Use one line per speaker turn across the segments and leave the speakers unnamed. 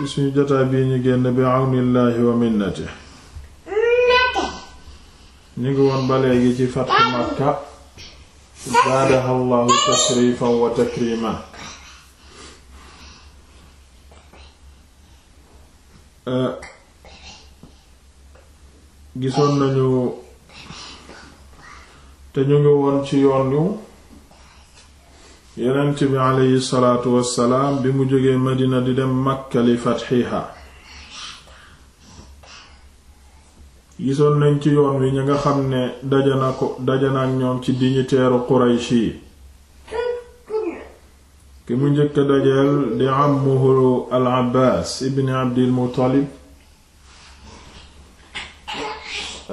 ci suñu jotaay bii ñu génn bi àwnillaahi wa minnati ñu ngi woon ba léegi ci fatx Makka zaadaha llahu wa takriman euh, gisoon nañu te ñu ngi woon ci yoon yonent bi aleyhi salaatu wassalaam bi mu jógee madina di dem makka li gisoon nañ ci yoon wi ñi nga xam ne dajana ko ñoom ci dignitaire qurayshi ki mu njëkk a dajeel di ammuhu al abbaas ibni abdil muttalib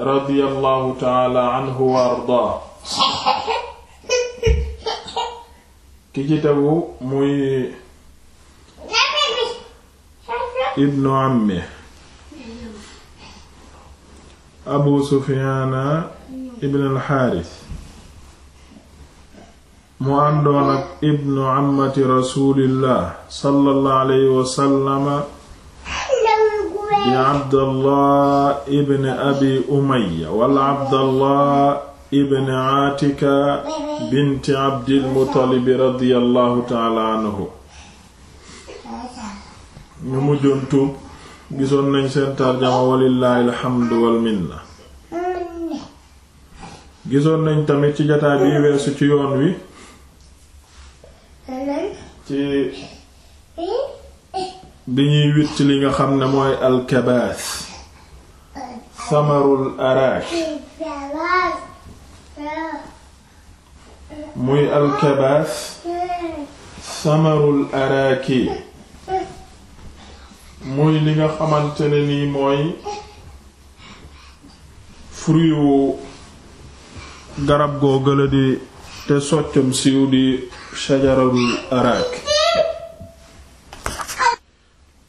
radiyallahu taala anhu wa ardaa ki ci tegu muy ibnu ammi abu sufiyaana ibn alxaaris mu àndoon ak ibnu ammati rasulillah sallallahu alayhi wasallama di abdallah ibn abi umaya wala abdallah ibn Aatika binti Abdil Muttalib radiyallahu taala anhu ñu mujjoon tuub gisoon nañ seen tarjama walillaahi alhamdu wal gisoon nañ tamit ci jataay bi weesu ci yoon wi ci bi witt li nga xam ne mooy alkabaas samarul araak
muy alkabaas
samarul araaki muy li nga xamante ne nii mooy fruit wu garab goo gëla te soccam siiw di shajarul araak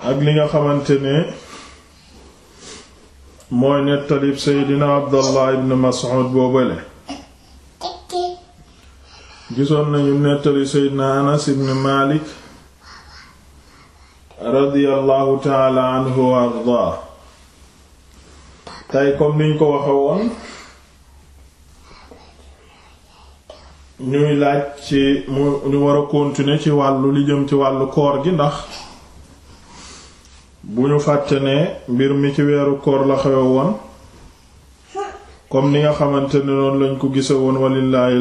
ak li nga xamante ne mooy nettalib dina abdallah ibn mas'ud boobale gisoon nañu nettali seydna anas ibn malik radiyallahu taala anhu ardaa tey comme niñ ko waxe woon ñuy laaj ci mu ñu war a ci wàllu li ci wàllu koor gi ndax bu ñu fàtte ne mbir mi ci weeru koor la xewe woon comme ni nga xamante ne noonu lañ ko gisa woon walillaahi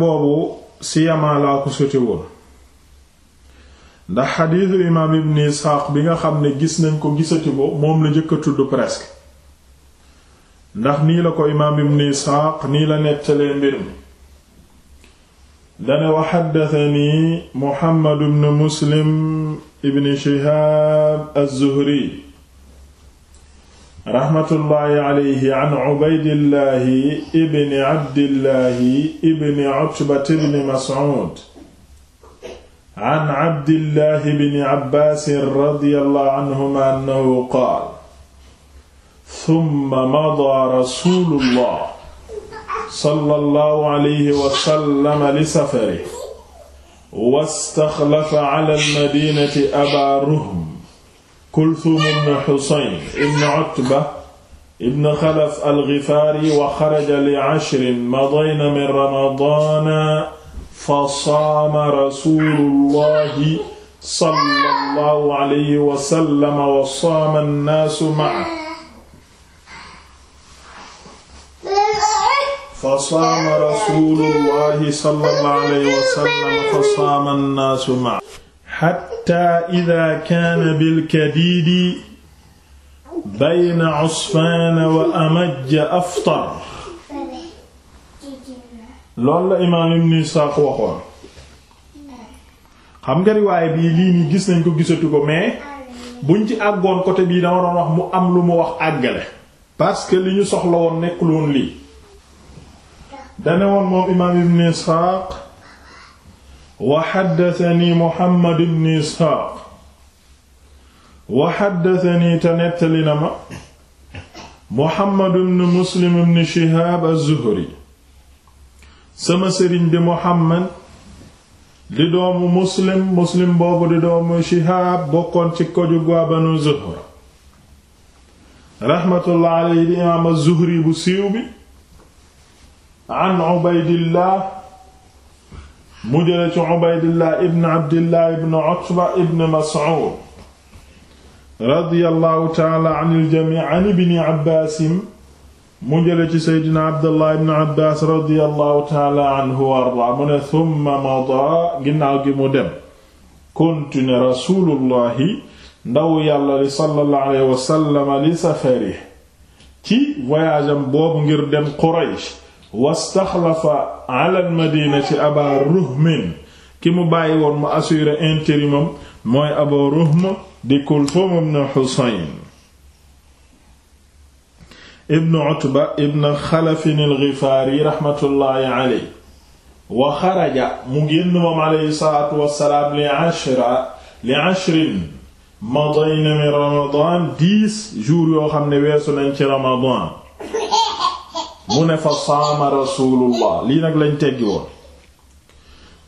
boobu siyamaa laa ko soti woon ndax xadiisu imaam ibn isxaaq bi nga xam ne gis nañ ko gisati ko moom la jëkk tudd presque ndax nii la ko imaam ibn isxaaq nii la nettalee mbir mi dane wa xaddatani muhammad ibn muslim ibn shihaab az raxmatullahi alayhi an ubaydillahi ibni abdillahi ibni utbati ibni mas'ud an abdillahi ibni abbaasin radiyallahu anhuma annahu qaal summa madaa rasuulullah sallallahu alayhi wa sallam li safarihi wastaxlafa ala almadinati abaa ruhm Kulthum ibn Husayn ibn Utba ibn Khalaf al-Ghifaari wa xaraja li ashrin madayna min Ramadaan fa saama rasuulullahi sallallahu alayhi wa sallam wa saama an-naasu ma'ahu fa saama rasuulullahi sallallahu alayhi wa sallam fa saama an-naasu ma'ahu xatta ida kaana bilkadiidi bayna usfaana wa amajja aftar loolu la xam nga riwaay bii lii nii gis nañ ko gisatu ko mais buñ ci àggoon côté bii dama doon wax mu am lu mu wax àggale parce que li ñu soxla woon nekkul woon lii dane moom imaam ibn Isaaq wa xaddasani Muhammad ibn Isxaaq wa xaddasani te Muhammad ibn Muslim ibn Shihaab az-Zuhri sama sëriñ di Muhammad di doomu Muslim Muslim boobu di doomu Shihaab bokkoon ci kojug Banu Zuhra raxmatullah alayhi di imaam az-Zuhri bu siiw bi an Ubaydillah mu jële ci Ubaydillah ibn Abdillah ibn Utba ibn Mas'ud radiyallahu ta'ala anil jami' an ibni Abbas mu jële ci Seydina Abdullah ibn Abbas radiyallahu ta'ala anhu wa arda mu ne thumma mada ginnaaw gi mu dem continuer rasulullahi ndaw yàlla li sallallahu alayhi wa sallam li safari ci voyage am boobu ngir dem Quraysh wastaxlafa ala almadinati aba ruhmin ki mu bàyyi woon mu assuré intérimam mooy aba ruhm di kulthum ibn husayn ibn utba ibn xalafin alxifaari raxmatullaahi aley wa xaraja mu génn moom aleyhi salaatu wassalaam li yoo xam ne weesu nañ ci ramadan mu ne fa saama rasulullah lii nag lañ teggi woon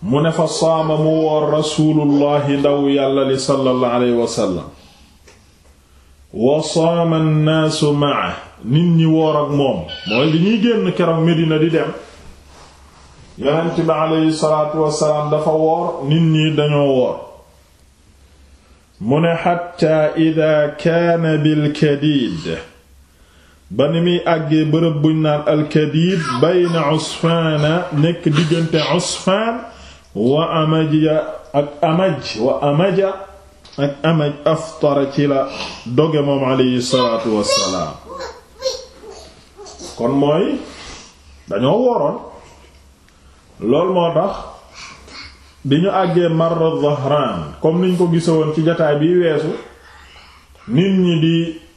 mu ne fa saama mu woor rasulullahi ndaw yàlla li sallallahu alayhi wasallam wa saama nnaasu maa nit ñi woor ak moom mooy li ñuy génn keroog Medina di dem yonent bi aleyhi salaatu wasalaam dafa woor nit ñi dañoo woor mu ne xatta ida kaana bilkadiid ba ni muy àggee bërëb buñ naan alkadiid bayna usfaana nekk diggante usfaan wa amaja ak amaj aftara ci la doge moom alayhi salaatu wassalaam kon mooy dañoo woroon loolu moo tax bi ñu àggee marra dhahraan comme niñ ko gisewoon ci jataay bi weesu nit ñi di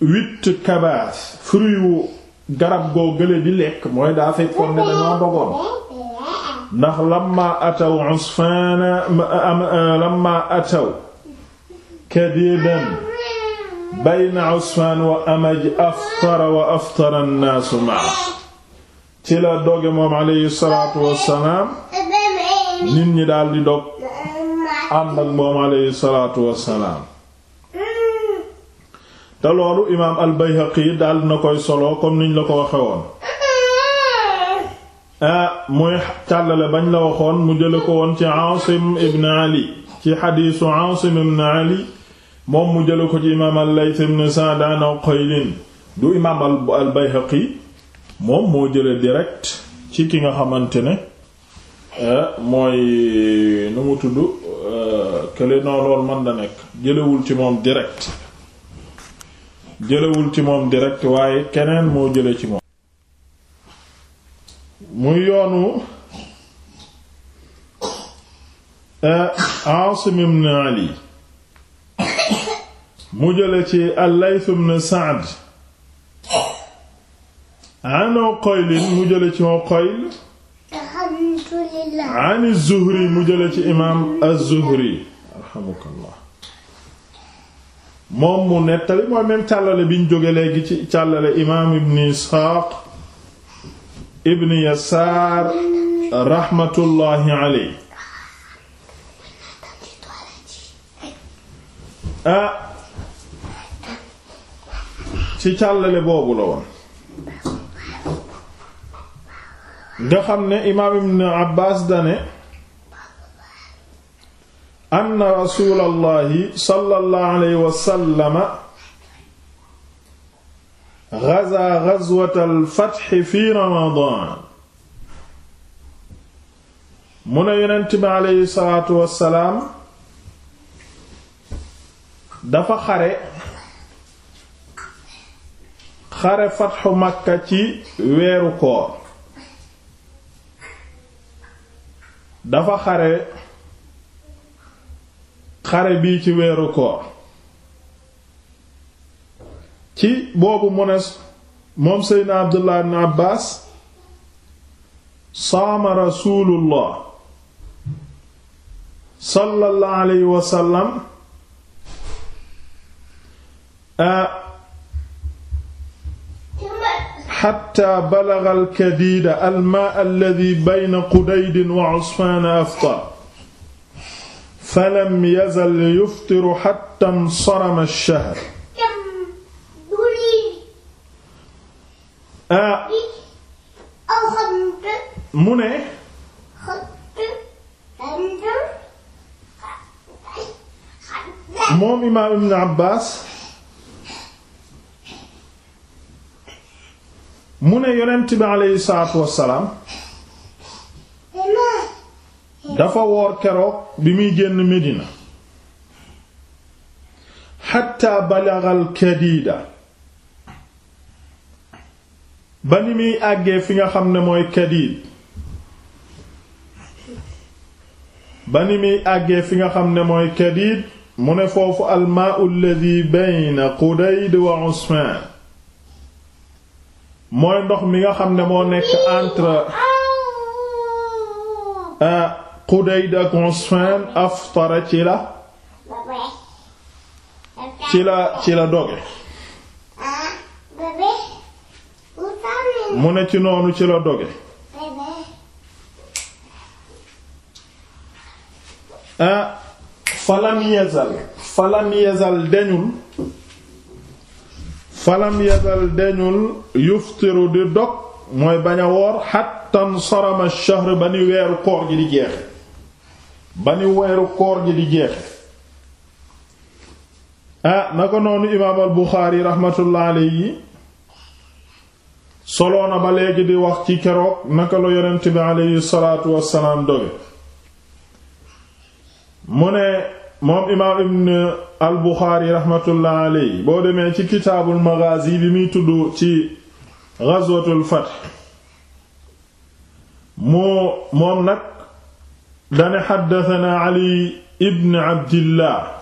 huit kabaas fruit wu garab goo gële di lekk mooy daa fekkoon ne dañoo dogoon ndax lamma ataw usfana lamma ataw kadidan bayna usfan wa amaj aftara wa aftara an-naasu ma'a ci la doge moom nit ñi daldi di dog ànd ak moom alayhi salaatu wassalaam te loolu imaam al-Bayhaqi daal di na koy solo comme niñ la ko waxe woon ah muy càllale bañ la waxoon mu jële ko woon ci Aasim ibn Ali ci xadiisu Aasim ibn Ali moom mu jële ko ci imaam al-Layth ibn Sa'daan Uqaylin du imaam al-Bayhaqi moom moo jële direct ci ki nga xamante ne eh, mooy nu mu tudd eh, kële noonu lool mën da nekk jëlewul ci moom direct jëlewul ci moom direct waaye keneen moo jële ci moom muy yoonu eh, Aasim ibn Ali mu jële ci al-Layth ibn Sa'd an Uqayl mu jële ci Uqayl alhamdulillah an az-Zuhri mu jële ci imaam az-Zuhri moom mu nettali mooy même càllale biñ jóge léegi ci càllale imaam ibn isxaaq ibn yasaar raxmatullaahi aley ci càllale boobu la woon nga xam ne imaam ibn abbaas dane anna rasuulallahi sallallahu alayhi wa sallama gazaa gazwatal fatxi fi ramadaan mu ne yonent bi alayhi salaatu wassalaam dafa xare xare fatxu makka ci weeru koor dafa xare xare bii ci weeru koor ci boobu mu ne moom seydna abdullah ibn abbas saama rasulullah sallallahu alayhi wasallam xatta balaga alkadiida almaa alladi bayna qudayd wa usfaan aftar falam yazal yuftiru hatta insarama ash-shahr ah mu ne moom imaam Ibn Abbas mu ne yonent bi aleyhi salaatu wassalaam dafa woor keroog bi muy génn Medina xatta balaxal Kadiida ba ni muy àggee fi nga xam ne mooy Kadiid ba mu ne foofu almaau alladi bayna Qudayd wa Usfaan mooy ndox mi nga xam ne moo nekk entre Xudayd de Usfaan aftara ci la ci la ci doge mu ne ci noonu ci la doge ah falam yazal falam yazal deñul yuftiru di dog mooy bañ a woor xattan sarama shahr ba ni weeru koor gi di jeexe ba ni weeru koor gi di jeexe ah na ko noonu imaam al buxaari raxmatullaa alayhi soloona ba léegi di wax ci keroog naka la yonent bi alayhi salaatu wassalaam doge mu ne moom imaam ibn al buxaari raxmatullaa alayhi boo demee ci kitaabul magaazi bi muy tudd ci gazwatul fath moom nag dane xaddatana ali ibn abdillah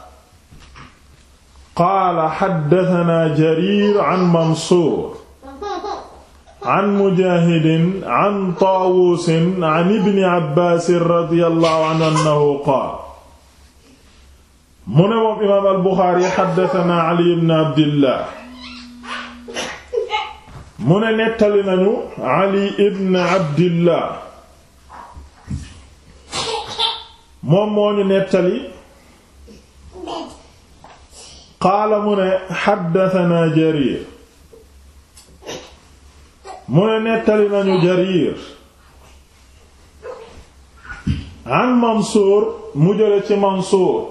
qaala xaddatana jarir an mansuur an mujaahidin an taawusin an ibni abbaasin radiyallahu anhu annahu qaal mu ne moom imaam albuxaari xaddatana ali ibn abdillah mu ne nettali nañu ali ibn abdillah moom moo ñu nettali qaala mu ne xaddatanaa jarir mu ne nettali nañu jarir an mansuur mu jële ci mansuur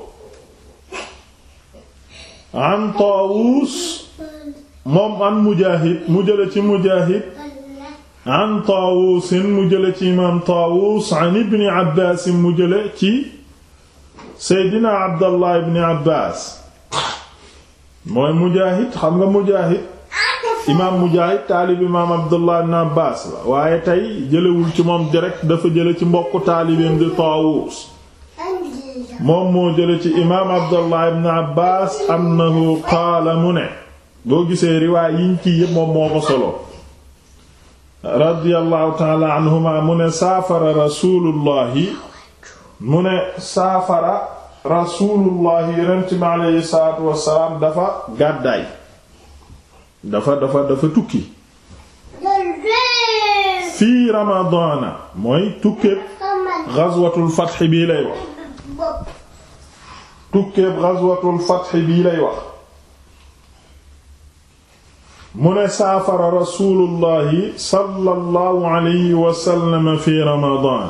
an taawuus moom an mujaahid mu jële ci mujaahid an mu jële ci imaam Taawus mu jële ci Seydina Abdallah ibni Abbaas mooy Mujaahid xam nga Mujaahid imaam Mujaahid taalib imaam waaye tey jëlewul ci moom direct dafa jële ci mbokk taalibeem di Taawus moom moo jële ci imaam Abdallah ibni Abbaas annahu qaala mu ne boo gisee riwaay yiñ ci yépp moom moo ko solo radiyallahu taala anhuma mu ne saafara rasulullahi mu ne saafara rasulullahi yonent bi aleyhi salaatu wassalaam dafa gàddaay dafa dafa dafa tukki fii ramadaana mooy tukkeeb gazwatul fatx bii lay wax tukkeeb gazwatul fatx bii lay wax mu ne saafara rasuulullahi sallallahu alayhi wa sallam fi ramadaan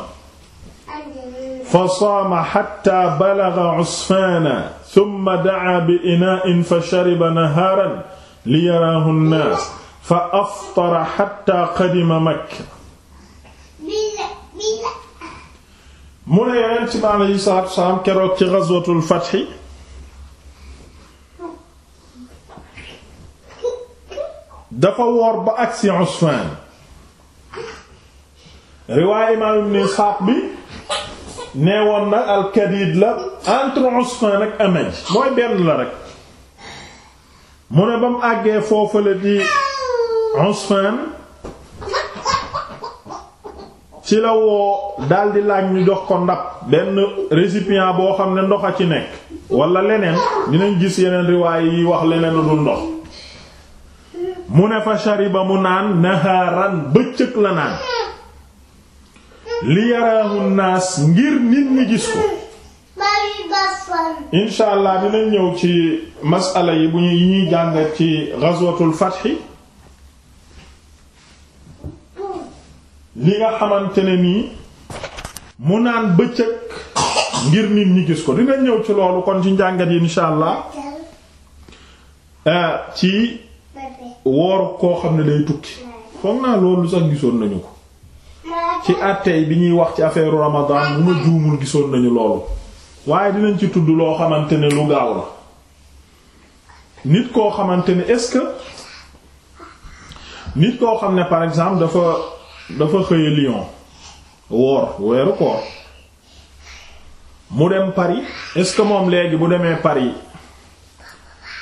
fa saama xatta balaga cusfaana summa dacaa bi inaa'in fa shariba nahaaran li yaraahu nnaas fa aftara xatta qadima makka mu ne yonent bi alayhi salaatu wa salaam keroog ci gazwatul fatxi dafa woor ba agsi Usfaan riwaay imaam ibn Isxaaq bi nee woon nag al la entre Usfaan ak Amaj mooy benn la rek mu ne ba mu àggee foofale di Usfaan ci la woo daldi laaj ñu jox ko ndab benn récipient boo xam ne ndox a ci nekk walla leneen dinañ gis yeneen riwaay yi wax leneen lu dul ndox mu ne fa shariba mu naan naharan bëccëg la naan li yaraahu naas ngir nit ñi gis ko insha allah dinañ ñëw ci masala yi bu ñuy yi ñuy jàngat ci ghazwatul fath li nga xamante ne nii mu naan bëccëg ngir nit ñi gis ko dinañ ñëw ci loolu kon ci njàngat yi insha allah eh, ci woor koo xam ne day tukki foog naa loolu sax gisoon nañu ko ci àttey bi ñuy wax ci affaire Ramadan bu ma juumul gisoon nañu loolu waaye dinañ ci tudd loo xamante ne lu gaaw la nit koo xamante ne est-ce nit koo xam ne par exemple dafa dafa xëye Lyon woor weeru koor mu dem Paris est moom léegi bu demee Paris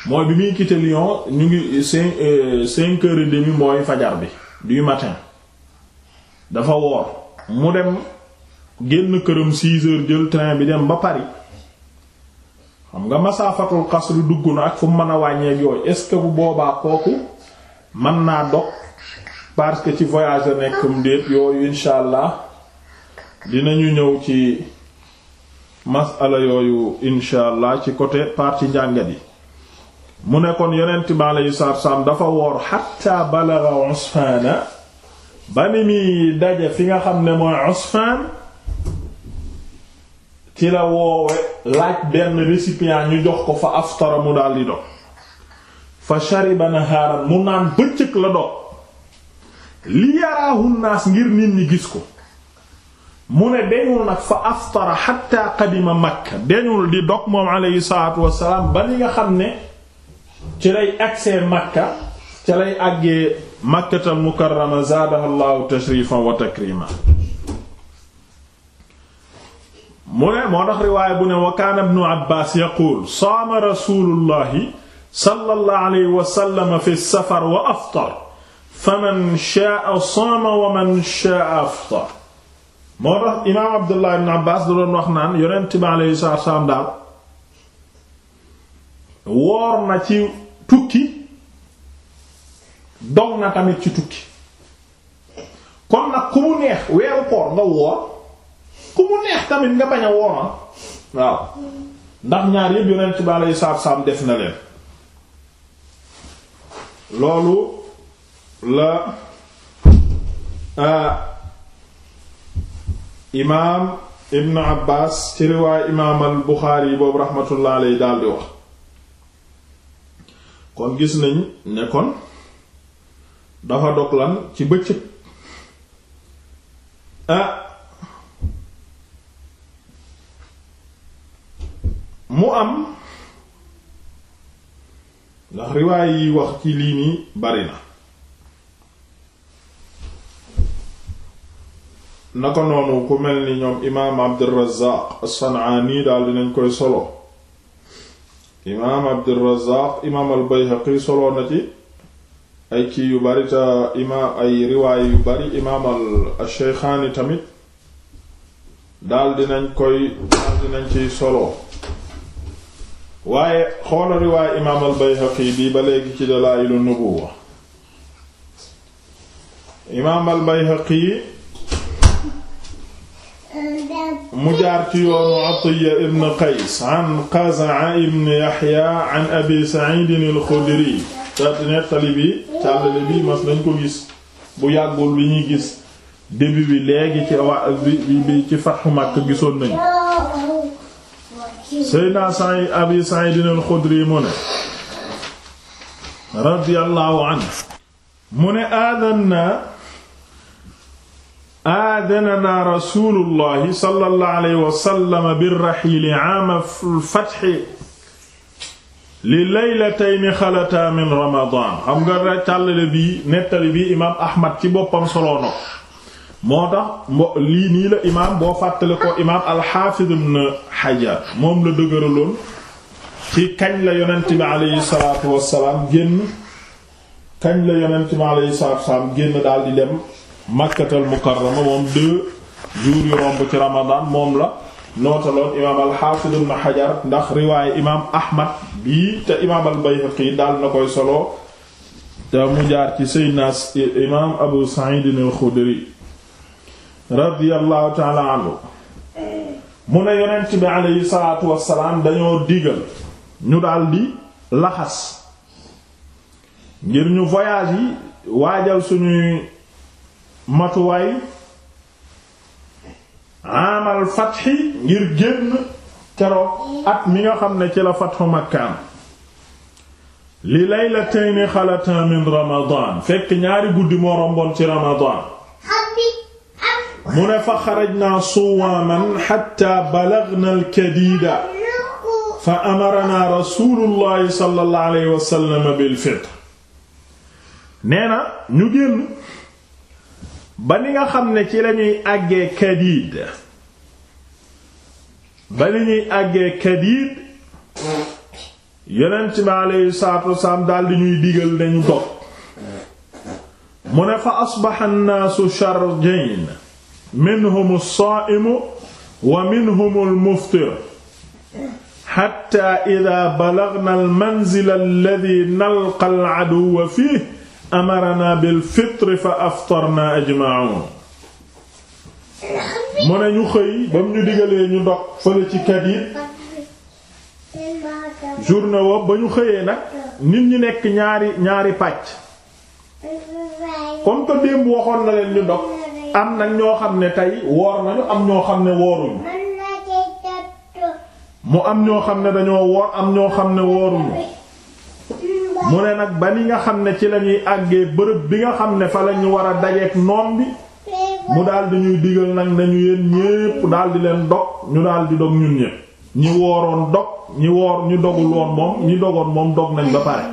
mooy bi muy quitté Lyon ñu ngi cinq euh, cinq heures et mooy fajar bi du matin dafa woor mu dem génn këram six heures jël train bi dem ba Paris xam nga masaafatul xasr dugg na ak fu mu mën a wàññeek yooyu est-ce que bu boobaa kooku mën naa dog parce que ci voyage nekkum déet yooyu insha allah dinañu ñëw ci masala yooyu insha allah ci côté partie njàngat yi mu ne kon yonent bi alayhi salaam dafa woor xatta balaga Usfaana ba ni muy daje fi nga xam ne mooy Usfaan ci la woowe laaj benn récipient ñu jox ko fa aftara mu daldi dog fa shariba nahaaran mu naan bëccëg la dog li yaraahu naas ngir nit ñi gis ko mu ne deñul nag fa aftara xatta qadima Makka deñul di dog moom alayhi salaatu ba ni nga xam ne ci lay agsee Makka ci lay àggee Makkatal Mukarrama zaadahallahu tashrifan wa takrima mu ne moo tax riwaaya bu ne wa kaana ibnu Abbaas yaquul saama rasuulullahi sallallahu alayhi wa sallam fi safar wa aftar faman shaa'a saama wa man shaa'a aftar moo tax imaam Abdullah ibnu Abbaas da doon wax naan yonent bi alayhi salaam daal woor na ci tukki dog na tamit ci tukki kon nag ku mu neex weeru koor nga woor ku mu neex tamit nga bañ a woor waaw ndax ñaar yëpp yonent bi aleyhi salaatu salaam def na leen loolu la euh, imaam Ibn Abbas ci riwaay imaam al yi boobu rahmatullah aleyhi daal wax. kon gis nañ nekkoon kon dafa dog ci bëccëg ah. mu am ndax riwaay yi wax ci lii nii bari na naka noonu ku mel ni ñoom imaam Abdurrazzaq as-San'ani daal dinañ koy solo imaam abdurazaq imaam al bayhaqi soloo na ci ay kii yu bari ta imaam ay riwaay yu bari imaam al shaykhaani tamit daal dinañ koy daal dinañ ciy soloo waaye xoola riwaay imaam al bayhaqi bii ba léegi ci dalaa'ilu nubuwwa imaam al bayhaqi mu jaar ci yoonu Atiyya ibn Qays an Qaza'a ibn Yahya an Abi Sa'id al-Khudri te nettali bi càllale bi mas nañ ko gis bu yàggul bi ñuy gis début bi léegi ci waa bi ci Fathu Makka gisoon nañu Seydina Sa'id Abi Sa'id al-Khudri mu ne radiyallahu anhu mu ne aadan na aadanana rasulullahi sallallahu alayhi wa sallam birraxiili aama fatxi li laylatayni xalataa min ramadaan xam nga rek càllale bii nettali bii imaam Ahmad ci boppam solo na moo tax mbo lii nii la imaam boo fàttale ko imaam alxaafid ibn Hajar moom la dëgëraloon ci kañ la yonent bi aleyhi salaatu wassalaam génn kañ la yonent bi aleyhi salaatu wassalaam génn daal di dem. makkatal mukarrama moom deux jours yu romb ci ramadan moom la nootaloon imaam al-Haafid ibn Hajar ndax riwaaye imaam Ahmad bii te imaam al-Bayhaqi daal na koy solo te mu jaar ci Seydina imaam Abu Sa'id al-Khudri radiyallahu ta'ala anhu mu ne yonent bi aleyhi salaatu wassalaam dañoo digal ñu daldi laxas ngir ñu voyage yi waajal suñuy matuwaay amal fatxi ngir génn keroog at mi nga xam ne ci la fatxu makkaan li laylatayni xalataa min ramadaan fekk ñaari guddi moo romboon ci ramadaan mu ne fa xarajnaa suwaaman xatta balagnaa alkadiida fa amaranaa rasuulullahi sallallahu alayhi wasallam bil ñu génn bali nga xam ne ci lañuy àggee Kadiid ba ni ñuy àggee Kadiid yonent bi aleyhi salaatu wasalaam daldi ñuy digal nañu dog mu ne fa asbaxa nnaasu sharjayn minhum as-saa'imu wa minhum al-muftir xatta idaa balagnaa al-manzila alladii nalqaa al-aduwwa fiihi amarana bil fitri fa aftarna ajma'un mu ne ñu xëy bam ñu digalee ñu ndox fële ci yi journée wo ba ñu xëyee nag nit ñi nekk ñaari ñaari pàcc comme que démb waxoon na leen ñu ndox am nag ñoo xam ne tey woor nañu am ñoo xam ne wooruñu mu am ñoo xam ne dañoo woor am ñoo xam ne wooruñu mu ne nag ba ni nga xam ne ci lañuy àggee bërëb bi nga xam ne fa lañu war a dajeek noon bi mu daldi ñuy digal nag nañu yéen ñépp daldi leen dog ñu daldi dog ñun ñépp ñi wooroon dog ñi woor ñu dogul moom ñi dogoon moom dog nañ ba pare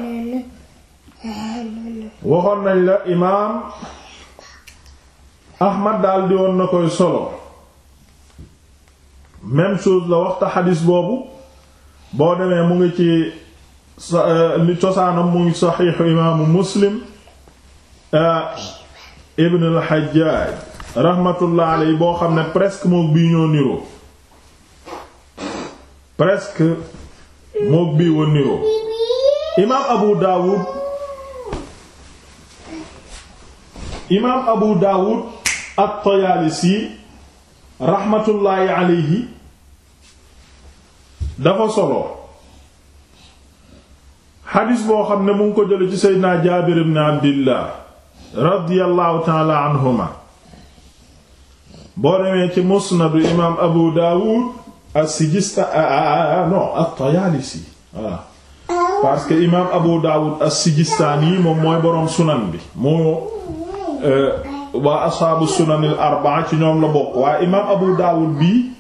waxoon nañ la imaam Ahmad daldi woon na koy solo même chose la waxta xadiis boobu boo demee mu ngi ci Eh, li cosaanam muy saxiixu imaamu muslim eh, ibn al-Hajjaj rahmatullah boo xam ne presque mook bii ñoo niroo presque mook bii wa niroo imaam Abu Dawud imaam Abu Dawud at-Tayaalisi rahmatullahi alayhi dafa solo xadis boo xam ne mu ngi ko jële ci seydinaa jaabir ibn abdillah radiyallahu taala anhuma boo demee ci musnadu imaam abu daawud as-sijista ah, ah, ah, non at-tayaalisi moom mooy boroom sunan bi moo euh, waa ashaabu sunanil arbaa ci ñoom la bokk waaye imaam abu daawud bi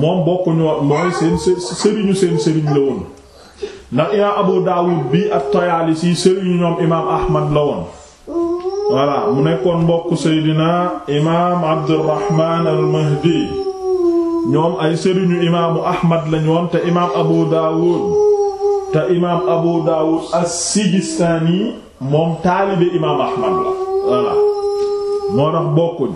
moom bokkuñu mooy seen sëriñu seen sëriñ la woon ndax imaam Abu Dawud bi at-Tayaalisi sëriñu ñoom imaam Ahmad la woon voilà mu nekkoon mbokk Seydina imaam Abdurrahman al-Mahdi ñoom ay sëriñu imaamu Ahmad lañ woon te imaam Abu Dawud te imaam Abu Dawud as-Sijistaani moom taalibe imaam Ahmad la voilà moo tax bokkuñ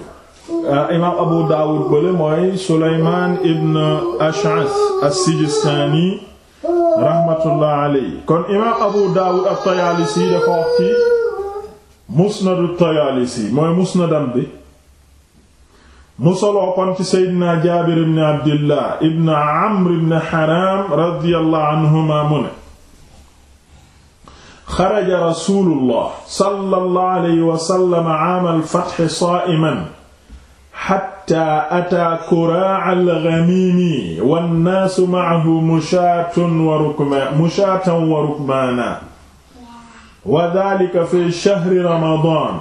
ah, imaam Abu Dawud bële mooy Sulaymaan ibn Ash'ath as-Sijistaani rahmatullah alayhi kon imaam abu daawud at-tayaalisi dafa wax ci musnadu at-tayaalisi mooy musnadam bi mu soloo kon ci seydina jaabir ibn abdillah ibn amr ibn haram radiyallahu anhuma mu ne xaraja rasulullah sallallahu alayhi wa sallam aam al-fath saa'iman xatta ataa kuraa alxamiimi wannaasu macahu mushaatun wa rukmaan mushaatan wa rukmaana wa daalika fi shahri ramadaan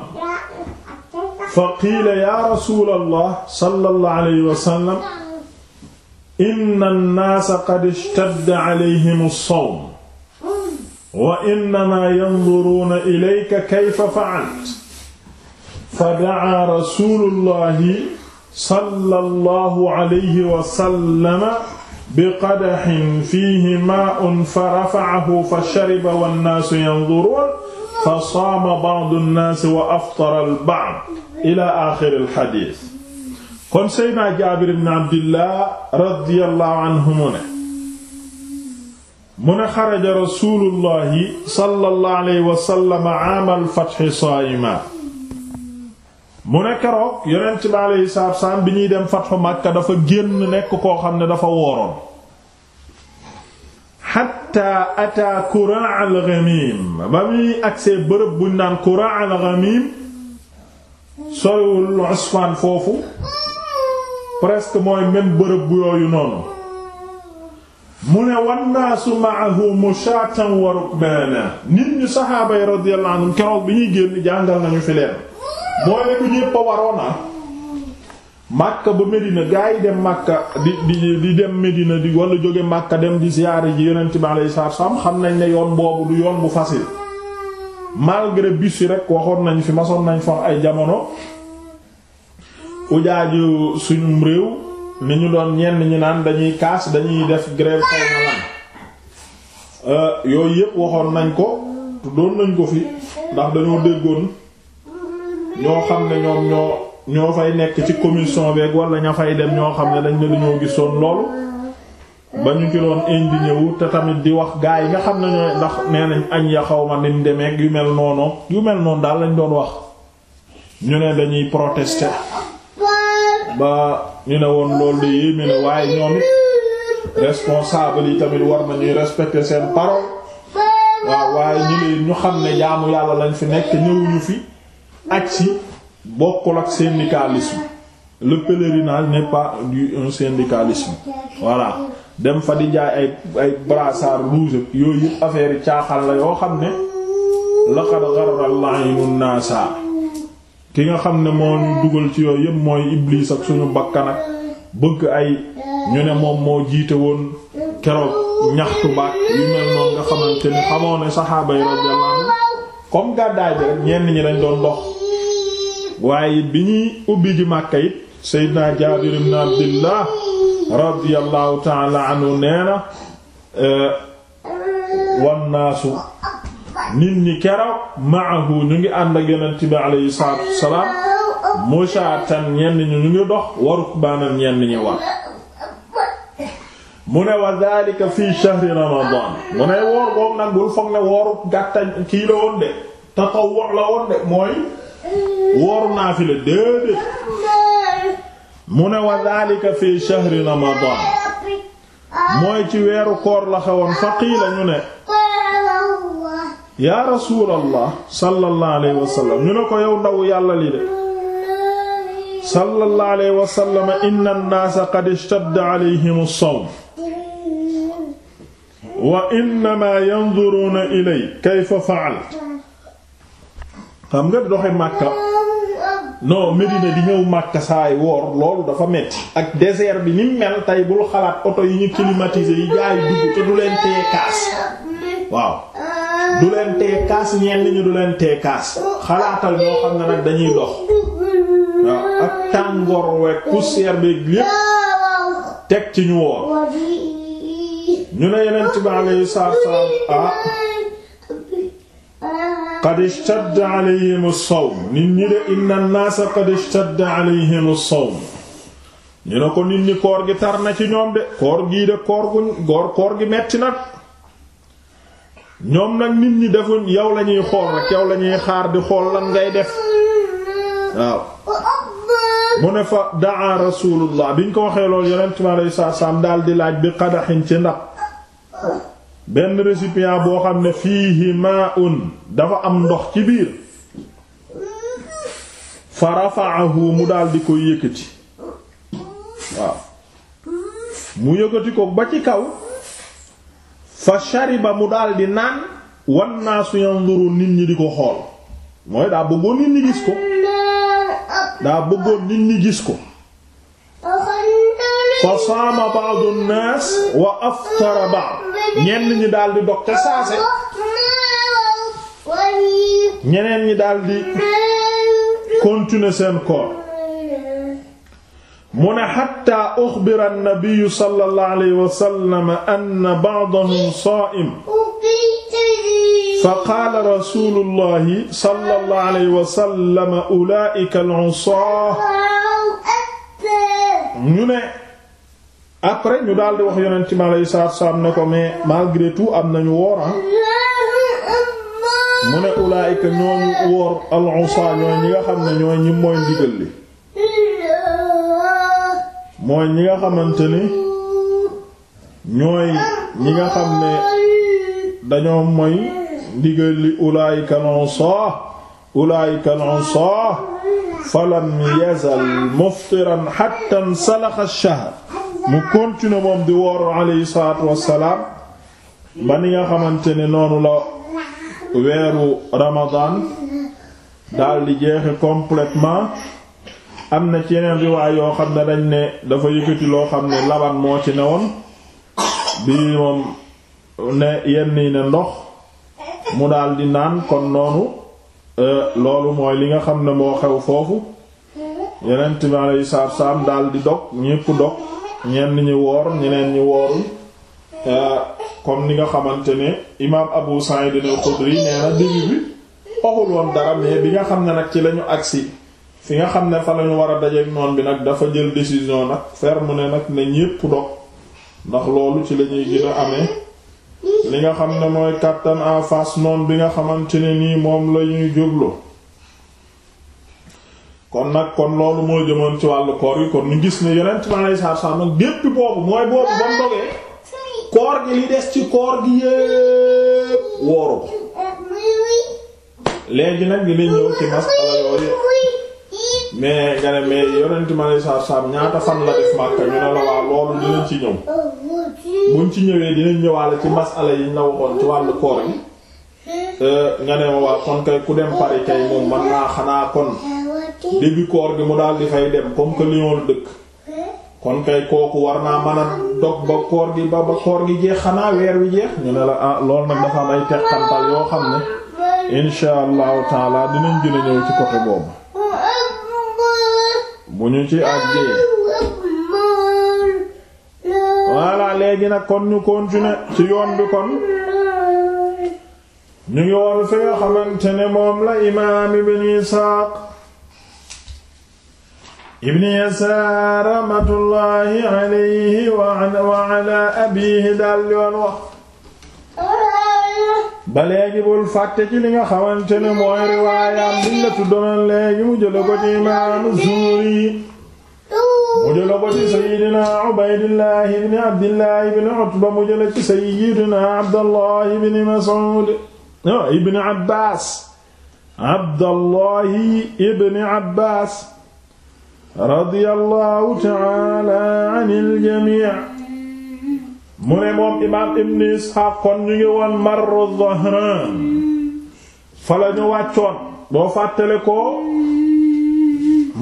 faqiila yaa rasuulallah sallallahu alayhi wa sallam inna annaasa qad ishtadda alayhim as-sawm wa innamaa yanzuruuna ilayka kayfa facalta fa daa rasulullahi sallallahu alayhi wa sallama bi qadaxin fiihi maa'un fa rafa'ahu fa shariba wannaasu yanzuruun fa saama ba'du nnaasi wa aftara al-ba'd ilaa aaxiri al-xadiis. kon Seydina Jaabir ibn Abdillah radiyallahu anhu mu ne mu ne xaraja rasuulullahi sallallahu alayhi wa sallama aamal fatxi saa'iman mu ne keroog yonent bi yi salaatu salaam bi ñuy dem fatxu Makka dafa génn nekk koo xam ne dafa wooroon xatta ata Qura al ba muy agsee bërëb bu naan Qura al-Ghamim soriwul Usfaan foofu presque mooy même bërëb bu yooyu noonu mu ne wannaasu ma'ahu mushaatan wa rukbaana nit ñu saxaaba yi radiyallahu keroog bi ñuy génn jàngal nañu fi mooy ne du ñépp a waroon na Makka ba Medina gaa yi dem Makka di di di dem Medina di wala jóge Makka dem di ziyaare ji Yonent bi alayhi salaatu xam nañ ne yoon boobu du yoon bu facile malgré bus yi rek waxoon nañu fi masoon nañ fa ay jamono ujaaju suñu réew ni ñu doon ñenn ñu naan dañuy kaas dañuy def grève xaw ma lan euh, yooyu yépp waxoon nañ ko tuddoon nañ ko fi ndax dañoo déggoon ñoo xam ne ñoom ñoo ñoo fay nekk ci commission beeg wala ña fay dem ñoo xam ne dañ ne dañoo gisoon loolu ba ñu ci doon indigné te tamit di wax gaa yi nga xam ne ndax nee nañ añ ya xaw ma nim demeeg yu mel noonu yu mel noonu daal lañu doon wax ñu ne dañuy protester ba ñu ne woon loolu yi mu ne waaye ñoom responsable yi tamit war nañuy respecter seen parole waaw waaye ñu ne ñu xam ne jaamu yàlla lañ fi nekk ñëwuñu fi. agsi bokkul ak syndicalisme le pèlerinage n'est pas du un syndicalisme voilà dem fa di jaay ay ay brassard rouge yooyu yëpp affaire caaxal la yoo xam ne laqad gharra naa naasa ki nga xam ne moo ñu dugal ci yooyu yëpp mooy Iblis ak suñu bakkan ak bëgg ay ñu ne moom moo jiite woon keroog ñaxtu ba yu mel noonu nga xamante ni xamoo ne saxaaba yi radiyallahu comme gàddaay bi ñenn ñi dañ doon dox waaye bi ñuy ubbi ji Makka it Seydina Jaabir ibn Abdillah radiyallahu ta'ala anhu nee na euh, wan naasu nit ñi keroog maahu ñu ngi ànd ak yonent bi alayhi salaatu wassalaam mushaatan ñenn ñi ñu ngi dox waruk baanan ñenn ñi war mu ne wa zalika fii shahri ramadan mu ne woor boobu nag bul foog ne la woon de tatawwu la de mooy wooru naafila déedéet mu ne wa zalika fii shahri ramadan mooy ci weeru koor la xewoon faqiila ñu ne yaa rasuulallah sallallahu alayhi ñu ne ko yow ndaw yàlla li de sallallahu alayhi wa inna an-naasa qad ishtadda alayhim as-sawm wa innamaa yanzuruuna ilay kayfa fa'alt xam nga doxe Makka non Medina di ñëw Makka saay woor loolu dafa metti ak désert bi ni mel tey bul xalaat oto yi ñu climatisé yi gaay dugg te du leen tee waaw du leen tee kaas ñenn du leen tee kaas xalaatal ñoo xam ne nag dañuy dox waaw ak tàngoor week poussière beeg lépp teg ci ñu woor ñu ne yonent bi alayhi salaatu wa salaam ah qad ishtadda alayhim as nit ñi de inna an-naasa qad ishtadda alayhim as-sawm ñu ne ko nit ñi koor gi tar na ci ñoom de koor gii de koor gu góor koor gi metti nag ñoom nag nit ñi defuñ yow lañuy ñuy xool rek yow la ñuy xaar di xool lan ngay def waaw mu ne fa daa rasulullah biñ ko waxee lool yonent mi alayhi salaam daal di laaj bi qadaxin ci ndab benn récipient boo xam ne fii fiihi maa'un dafa am ndox ci biir fa rafa'ahu mu daal di koy yëkkati waaw mu yëkkati ko ba ci kaw fa shariba mu daal di naan wan naa yanzuru nit ñi di ko xool mooy daa bëggoon nit ñi gis ko daa bëggoon nit ñi gis ko fa saama ba'du an-naas wa aftara ba'd ñenn ñi daal di dog te saase ñeneen ñi daal di continuer seen koor mu ne hatta uxbira an-nabiy sallallahu alayhi wa sallam anna ba'dahum saa'im fa qaala rasuulullahi sallallahu alayhi wa sallam ulaa'ika al-'usaah ñu ne après ñu daal di wax yonent mi alayhi salaatu ne ko mais malgré tout am nañu woor ah. mu ne ulaayika ñooñu woor al-usaa ñi nga xam ne ñooy ñi nga xamante ni ñooy ñi nga xam ne dañoo mooy ndigal li ulaayika al-usaa ulaayika al-usaa falam yazal muftiran hatta salaxa mu continuer moom di woor alayhi salaatu wassalaam ba ni nga xamante ne noonu la weeru ramadan daal di jeexe complètement am na ci yeneen riwaay yoo xam ne dañ ne dafa yëkkati loo xam ne laban moo ci newoon bii moom ne yenn yi ne ndox mu dal di naan kon noonu e, loolu mooy li nga xam ne moo xew foofu yeneen bi aleyhi salaatu wassalaam daal di dog ñépp dog ñenn ñi woor ñeneen ñi woorul euh, comme ni nga xamante ne imaam Abu Sa'id al-Khudri nee na début bi waxul woon dara bi nga xam ne nag ci lañu agsi fi nga xam ne fa lañu war a dajeek noon bi nag dafa jël décision nag ferme ne nag ne ñépp dog ndax loolu ci lañuy gën a li nga xam ne mooy kàttan en face noon bi nga xamante ne nii moom lañuy jóglo kon nag kon loolu moo jëmoon ci wàllu koor gi kon ñu gis ne yeneen ci ma lay saar saar nag depuis boobu mooy boobu ba mu koor gi li des ci koor gi yépp wooru ko léegi nag dinañ ñëw ci masala yooyu mais nga ne mais yeneen ci ma lay saar saar ñaata fan la def Makka ñu ne la waa loolu dinañ ci ñëw buñ ci ñëwee dinañ ñëwaale ci masala yi ñu la waxoon ci wàllu koor gi euh, nga ne ma waa kon kay ku dem Paris kay moom man naa xanaa kon début koor gi mu daal di fay dem comme que Lyon la dëkk kon kay kooku war naa mën dog ba koor gi ba ba koor gi jeex xanaa weer wi jeex ñu ne la ah loolu nag dafa am ay teqantal yoo xam ne insha allahu dinañ gën a ñëw ci côté boobu bu ñu ci àggee voilà léegi nag kon ñu continuer ci yoon bi kon ñu ngi woon fi xamante ne moom la imaam ibn Isaaq ibn yasaar rahmatullahi alayhi wa ala abihi daal di woon wax ba léegi bul fàtte ci li nga xamante ne mooy riwaayam biñ la tuddoon léegi mu jëla ko ci imaam Zuhri mu jëla ko ci sayyidina Ubaydillah ibn Abdillah ibn Utba mu jëla ci sayyidina Abdallah ibn Mas'ud ibn Abbaas Abdallah ibn Abbaas radiyallahu ta'ala anil jamii' mu ne moom imaam ibn isxaaq kon ñu ngi woon marru dhahran fa la wàccoon boo fàttale ko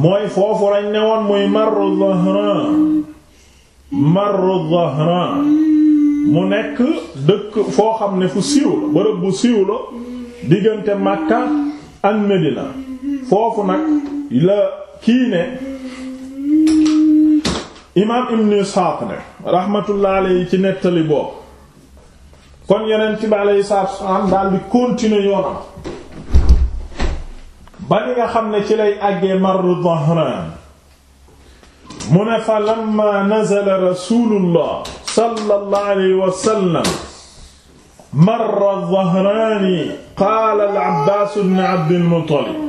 mooy foofu lañ ne woon muy marru dhahran marru dhahran mu nekk dëkk foo xam ne fu siiw bërëb bu siiw diggante Makka ak Medina foofu nag la kii imaam ibn Isxaaq ne rahmatullah alayhi ci nettali boobu kon yonent bi alayhi salaatu wassalaam daal di continuer yoonam ba ni nga xam ne ci lay àggee Marru Dahraan mu ne fa lamma nazala rasuulullah sallallahu alayhi wa sallam Marra Dahraani qaala al-Abbaas ibn Abdil Muttalib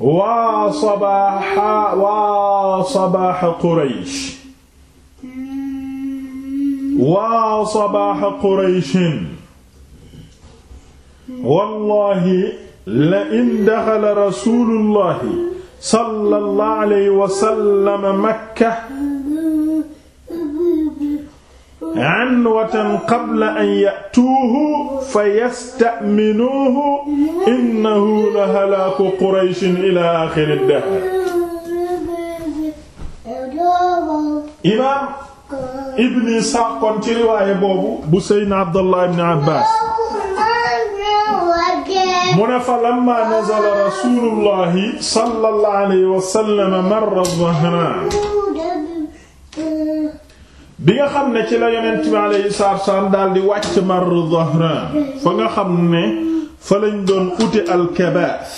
waa sabaaxa waa sabaaxa quraysh waa sabaaxa qurayshin wallaahi la in daxala rasuulullaahi sallallahu alayhi wa sallam makka anwatan qabla an ya'tuuhu fa yasta'minuuhu innahu la halaaku qurayshin ilaa aaxiri dahr. imaam Ibn Isxaaq kon ci riwaaye boobu bu Seydina Abdallah ibn Abbaas mu ne fa lammaa nazala rasuulullahi sallallahu alayhi wa sallam marra zahraa bi nga xam ne ci la yonent bi alayhi salaatu wassalaam daal di wàcc Marr Dhahran fa nga xam ne fa lañ doon uti alkebaas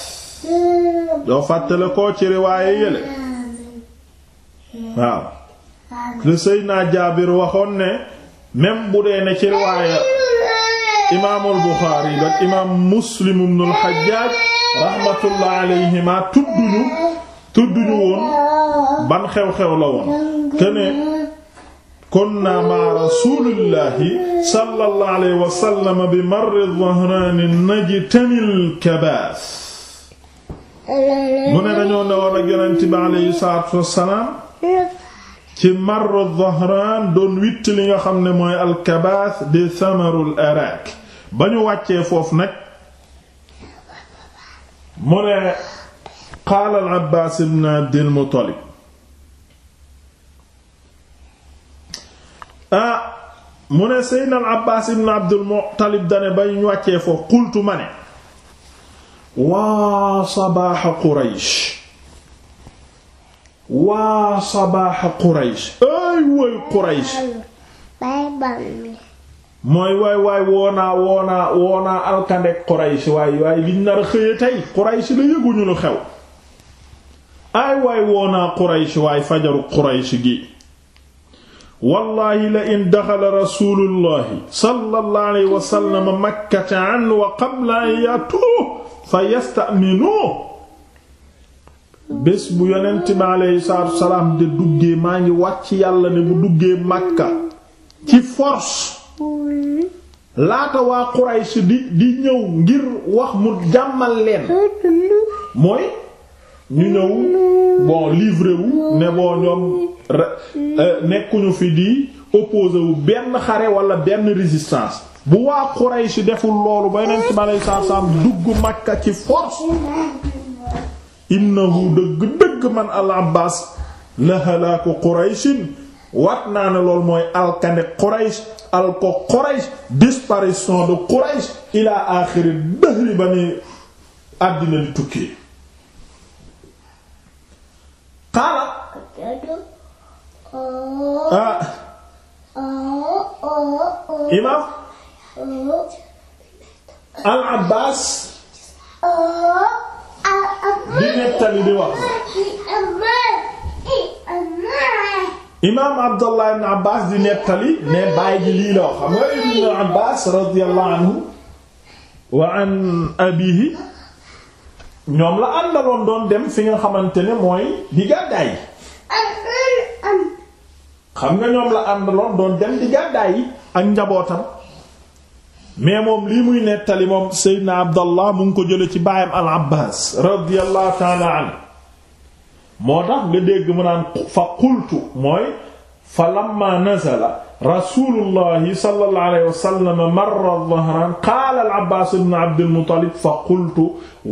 doo fàttale koo ci riwaaye yéle waaw le Seydina Jaabir waxoon ne même bu dee ne ci riwaaya imaamul Buxaari ak imaam Muslim ibnul Hajjaaj rahmatullah alayhima tudduñu tudduñu woon ban xew-xew la woon kene kunna ma rasulillahi sallallahu alayhi wa sallam bi marri dhahraani najtanil kabaas mu ne dañoo ne war a yonent bi alayhi salaatu wassalaam ci marru dhahraan doon witt li nga xam ne mooy alkabaas di samarul araak ba ñu wàccee foofu nag mu ne qaala al abbaas ibn abdil muttalib ah mu ne Seydina Abbaas ibn Abdul Muttalib dane ba ñu wàccee foofu qultu ma ne waa sabaaxa Quraysh waa sabaaxa Quraysh ay woy Quraysh mooy waay waay woonaa woonaa woonaa alkandek Quraysh waay waay liñ nar a tey Quraysh la yëguñu lu xew ay waay woonaa Quraysh waay fajaru Quraysh gi wallaahi la in daxala rasuulullahi sallallahu alayhi wa sallam makkata wa qabla an yatuuh fa yasta'minuuh bés bu yonent bi aleyhi salaam de duggee maa ngi wàcc yàlla ne bu duggee Makka ci force laata waa Quraysh di di ñëw ngir wax mu jàmmal leen mooy ñu ñëw bon livré wu ne bon ñoom euh, nekkuñu fi di opposé wu benn xare wala benn résistance bu waa Quraysh deful loolu ba yeneen ci balay saam dugg Makka ci force innahu dëgg-dëgg man al Abbaas la halaaku wat naa ne loolu mooy alkande Quraysh alko Quraysh disparition de Quraysh ila axiri dëhri ba ni àddina li tukkee xaalat imaam al abbaas di nettali di wax imaam abdullah ibn abbaas di nettali ne bàyyi ji lii la wax xam nga ibn abbaas radiyallahu anhu wa an abiihi ñoom la àndaloon doon dem fi nga xamante ne mooy di gàddaay yi xam nga ñoom la àndaloon doon dem di gàddaay yi ak njabootam mais moom lii muy nettali moom Seydina Abdallah mu ngi ko jële ci baayam al Abbaas radiyallahu ta'ala an moo tax nga dégg mu naan fa qultu mooy fa lamma nazala rasulullahi sallallahu alayhi wa sallam marra dhahran qaala al-Abbaas ibn Abdil Muttalib fa qultu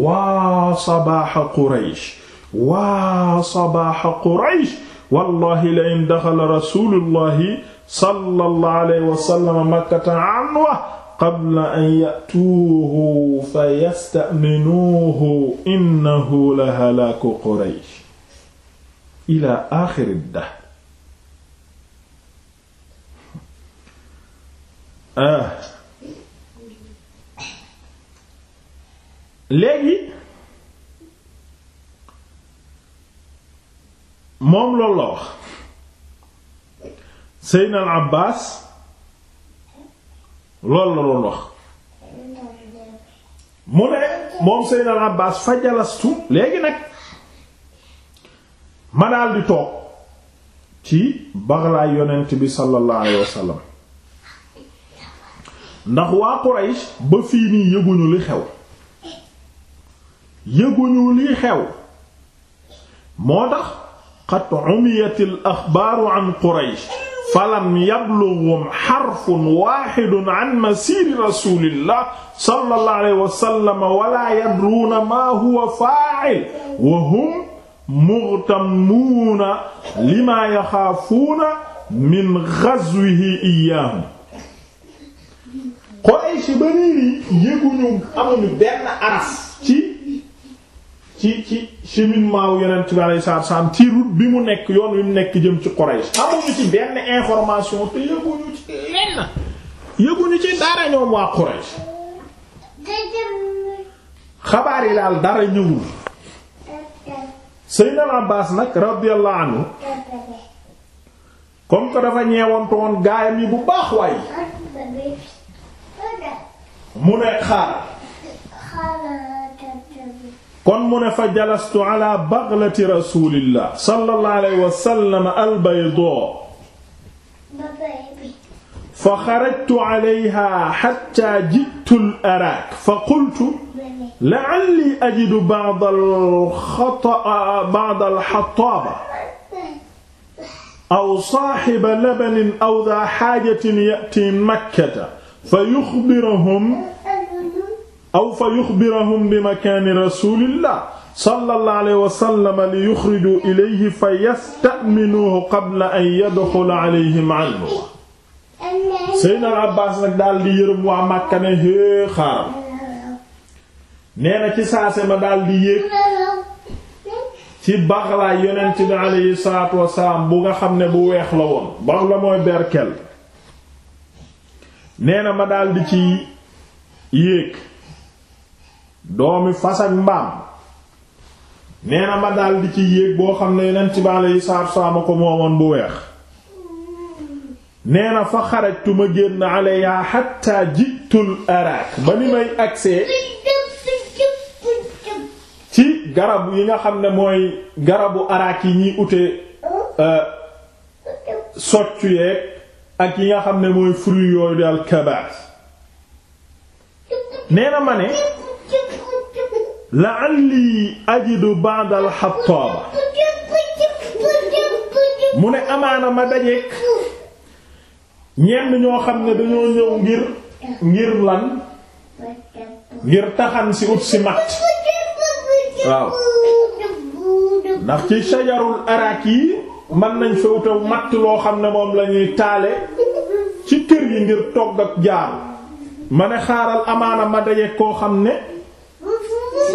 waa sabaaxa Quraysh waa sabaaxa Quraysh wallaahi la in daxala rasulullahi sallallahu alayhi wa sallam makkata anwa qabla an ya'tuuhu fayasta'minuuhu innahu la halaaku Quraysh ilaa aaxiri dahri Ah. léegi moom loolu la wax Seydina al Abbaas loolu la doon wax mu ne moom Seydina Abbaas fa jalastu léegi nag ma daal di toog ci baxlaay yonent bi sallallahu alayhi wa ndax waa Quraysh ba fii nii yëguñu li xew yëguñu li xew moo tax qad umiyat al axbaaru an Quraysh falam yablughum xarfun waaxidun an masiiri rasulillah sallallahu alayhi wa sallam wala yadruuna maa huwa faa'il wa hum mughtammuuna limaa yaxaafuuna min ghazwihi iyyaahum Quraysh ba nii nii yëguñu amuñu benn araf ci ci ci cheminement wu Yonent bi alayhi salaatu salaam ci route bi mu nekk yoon wi mu nekk jëm ci Quraysh amuñu ci benn information te yëguñu ci lenn yëguñu ci dara ñoom waa Quraysh xabaar yi daal dara ñëwul Seydina Abbaas nag radiyallahu anhu comme que dafa ñeewantoon gaayam yi bu baax waaye mu ne xaaral kon mu ne fa jalastu ala baghlati rasulillah sallallahu alayhi wa sallam albaydaa fa xarajtu alayha hatta ji'tu al-araak fa qultu la'allii ajidu ba'da al-xataa ba'da al-xattaaba aw saahiba labanin aw dhaa haajatin ya'tii makkata fa yuxbirahum fa yuxbirahum bi makaani rasulillah sallallahu alayhi wa sallam li yuxriju ilayhi fa yastaminuhu qabla an yadxula alayhim anhu Seydina Abbaas nag daal di waa Màkka ne hee xaaral nee na ci saase ma daldi di yéeg ci baxlaay yonent bi alayhi salaatu wasalaam bu nga xam ne bu weex la woon baxla mooy berkel nee na ma daldi ci yéeg doomi fas ak mbaam nee ma daldi ci yéeg boo xam ne yonent bi aleyhi salaatu salaam a ko moomoon bu weex nee na fa xarajtu ma génn aleyha xatta jitul araak ba ni may agsee ci garab yi nga xam ne mooy garabu araak yi ñuy ute euh, soccu yeeg ak yi nga xam ne mooy fruit yooyu di alkabaas nee na ma ne la'alli ajidu ba'da alxataaba mu ne amaana ma dajeek ñenn ñoo xam ne dañoo ñëw ngir ngir lan ngir taxan si ut si mat waaw ndax ci sajarul araak yi mën nañ fewta matt loo xam ne moom lañuy taale ci kër yi ngir togg ak jaaru ma ne xaaral amaana ma daje koo xam ne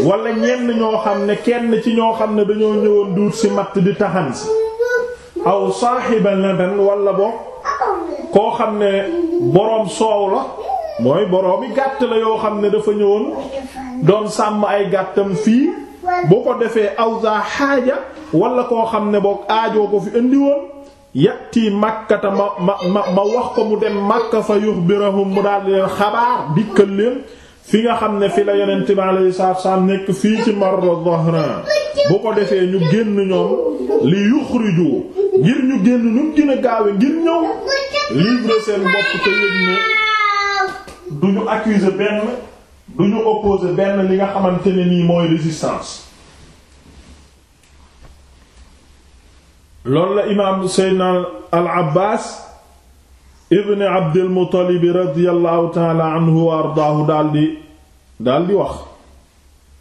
wala ñenn ñoo xam ne kenn ci ñoo xam ne dañoo ñëwoon duut si matt di taxan si aw saaxiba nadan walla bo koo xam ne boroom soow la mooy boroomi gàtt la yoo xam ne dafa ñëwoon doon sàmm ay gàttam fii boo ko defee aw za xaaja wala koo xam ne boog aajoo ko fi indi woon yatti màkkata ma ma ma wax ko mu dem màkka fa yuxbirahum mu daal di leen xabaar dikkal leen fi nga xam ne fi la yeneen bi alayhi salaatu salaam nekk fii ci Marra Dhahran bu ko defee ñu génn ñoom li yuxriju ngir ñu génn nu mu gën a gaawe ngir ñëw livrer seen bopp te yëg ne du ñu accuser benn du ñu opposer benn li nga xamante ne nii mooy résistance loolu la imaam seydna al abbaas ibn abdil muttalib radiallahu taala anhu wa ardaahu daldi daldi wax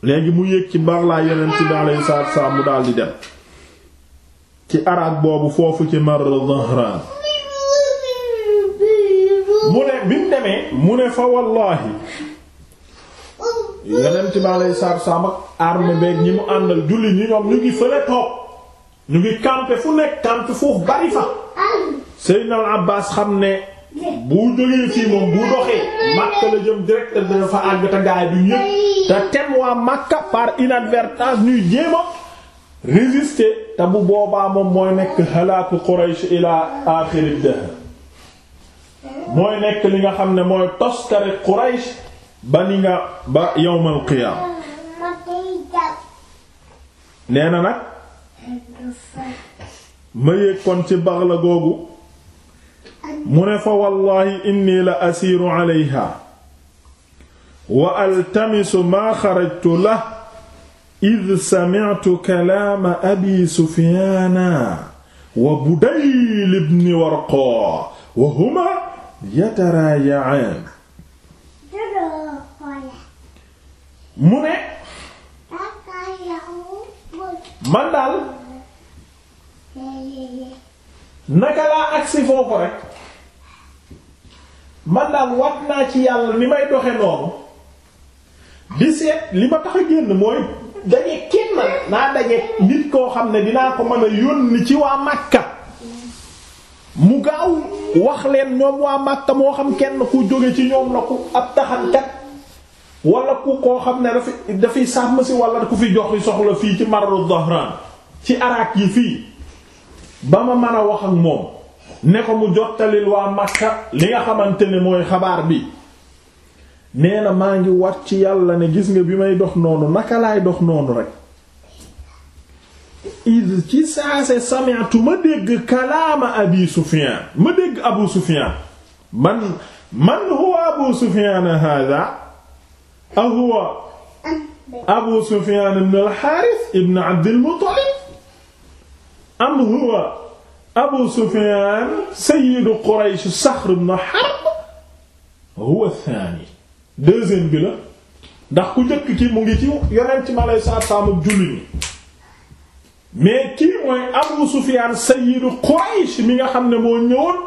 léegi mu yéeg ci barlaa yonent bi alayhi salaatu wasalaam mu daldi dem ci araak boobu foofu ci mar Dhahraan mu ne bi mu demee mu ne fa wallaahi yonent bi alayhi salaatu wasalaam ak arme ñi mu àndal julli ñi ñoom ñu ngi fële toog ñu ngi campé fu nekk campé foofu bari fa Seydina Al Abbas xam ne bu jógee fii moom bu doxee Makka jëm direct dafa fa àgg te gaay du ñëpp te tem waa Makka par inadvertance ñuy jéem résister te bu boobaa moom mooy nekk halaaku Quraysh ila aaxiri dahr mooy nekk li nga xam ne mooy toskare Quraysh ba ni nga ba yawmal qiyaam nee na nag ma yéeg kon ci baxla googu mu ne fa wallaahi inni la asiiru alayha wa altamisu maa xarajtu la id sami'tu kalaama abi sufyaana wa budayl ibni warqa wa humaa yataraayaaan mu ne man daal naka laa agsi foofu rek man daal wat naa ci yàlla ni may doxe noonu di seet li ma tax a génn mooy daje kenn naa daje nit koo xam ne dinaa ko mën a yónni ci waa Makka mu gaaw wax leen ñoom waa Makka moo xam kenn ku jóge ci ñoom na ku ab taxankat wala ku koo xam ne dafa dafay sàmm si wala ku fi jox soxla fii ci marru dhahran ci araak yi fii ba ma mën a wax ak moom ne ko mu jottalil waa Makka li nga xamante ne mooy xabaar bi nee na maa ngi wat ci yàlla ne gis nga bi may dox noonu naka laay dox noonu rek id ci saase sami'tu ma dégg kalaama abi Sufyaan ma dégg Abu Sufyaan man man huwa Abu Sufyaan hada ahuwa abu sufyan ibn al-harith ibn abd al-muttalib am huwa abu sufyan sayyidu quraysh saxr ibn harb huwa thani deuxième bi la ndax ku njëkk ki mu ngi ci yonent mi aleyhi salaatu salaam ak julli ni mais kii mooy abu sufyan sayyidu quraysh mi nga xam ne moo ñëwoon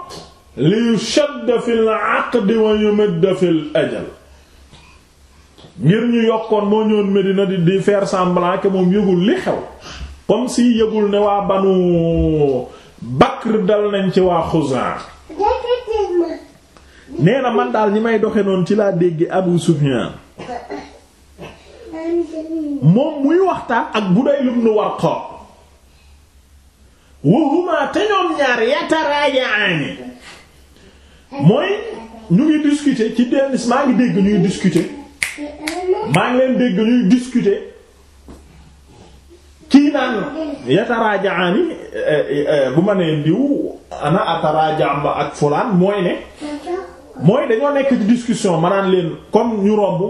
li yushadda fil aqd wa yumadda fil ajal ngir ñu yokkoon moo ñëwoon Medina di di faire moom yëgul li xew comme si yëgul ne waa banu Bakr dal nañ ci waa Xuzaa nee man daal ñi may doxe noonu ci laa dégg Abu Sufyan moom muy waxtaan ak Budayl ibn Warqa wa huma te ñoom ñaar yataraayaani mooy ñu ngi discuter ci denn maa ngi dégg ñuy discuter maa ngi leen dégg ñuy discuter kii naan yataraajaani bu ma nee ndiw ana ataraajam ak fulaan mooy ne mooy dañoo nekk discussion manaan leen comme ñu romb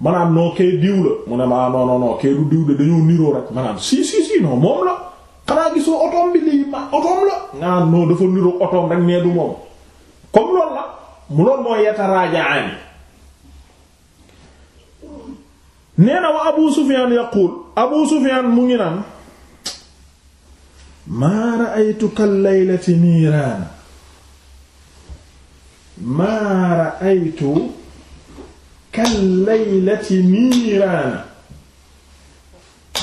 manaan noo kee diw la mu ne ma ah, non kee du diw la dañoo niroo rek manaan si si si non moom la xanaa gisoo otoom bi lii ma otoom la nga naan non dafa niroo otoom rek nee du moom comme loolu la mu loolu mooy yataraajaani nee na wa abu sufyan yaqul abu sufyan mu ngi naan maa ra'aytuka al-laylati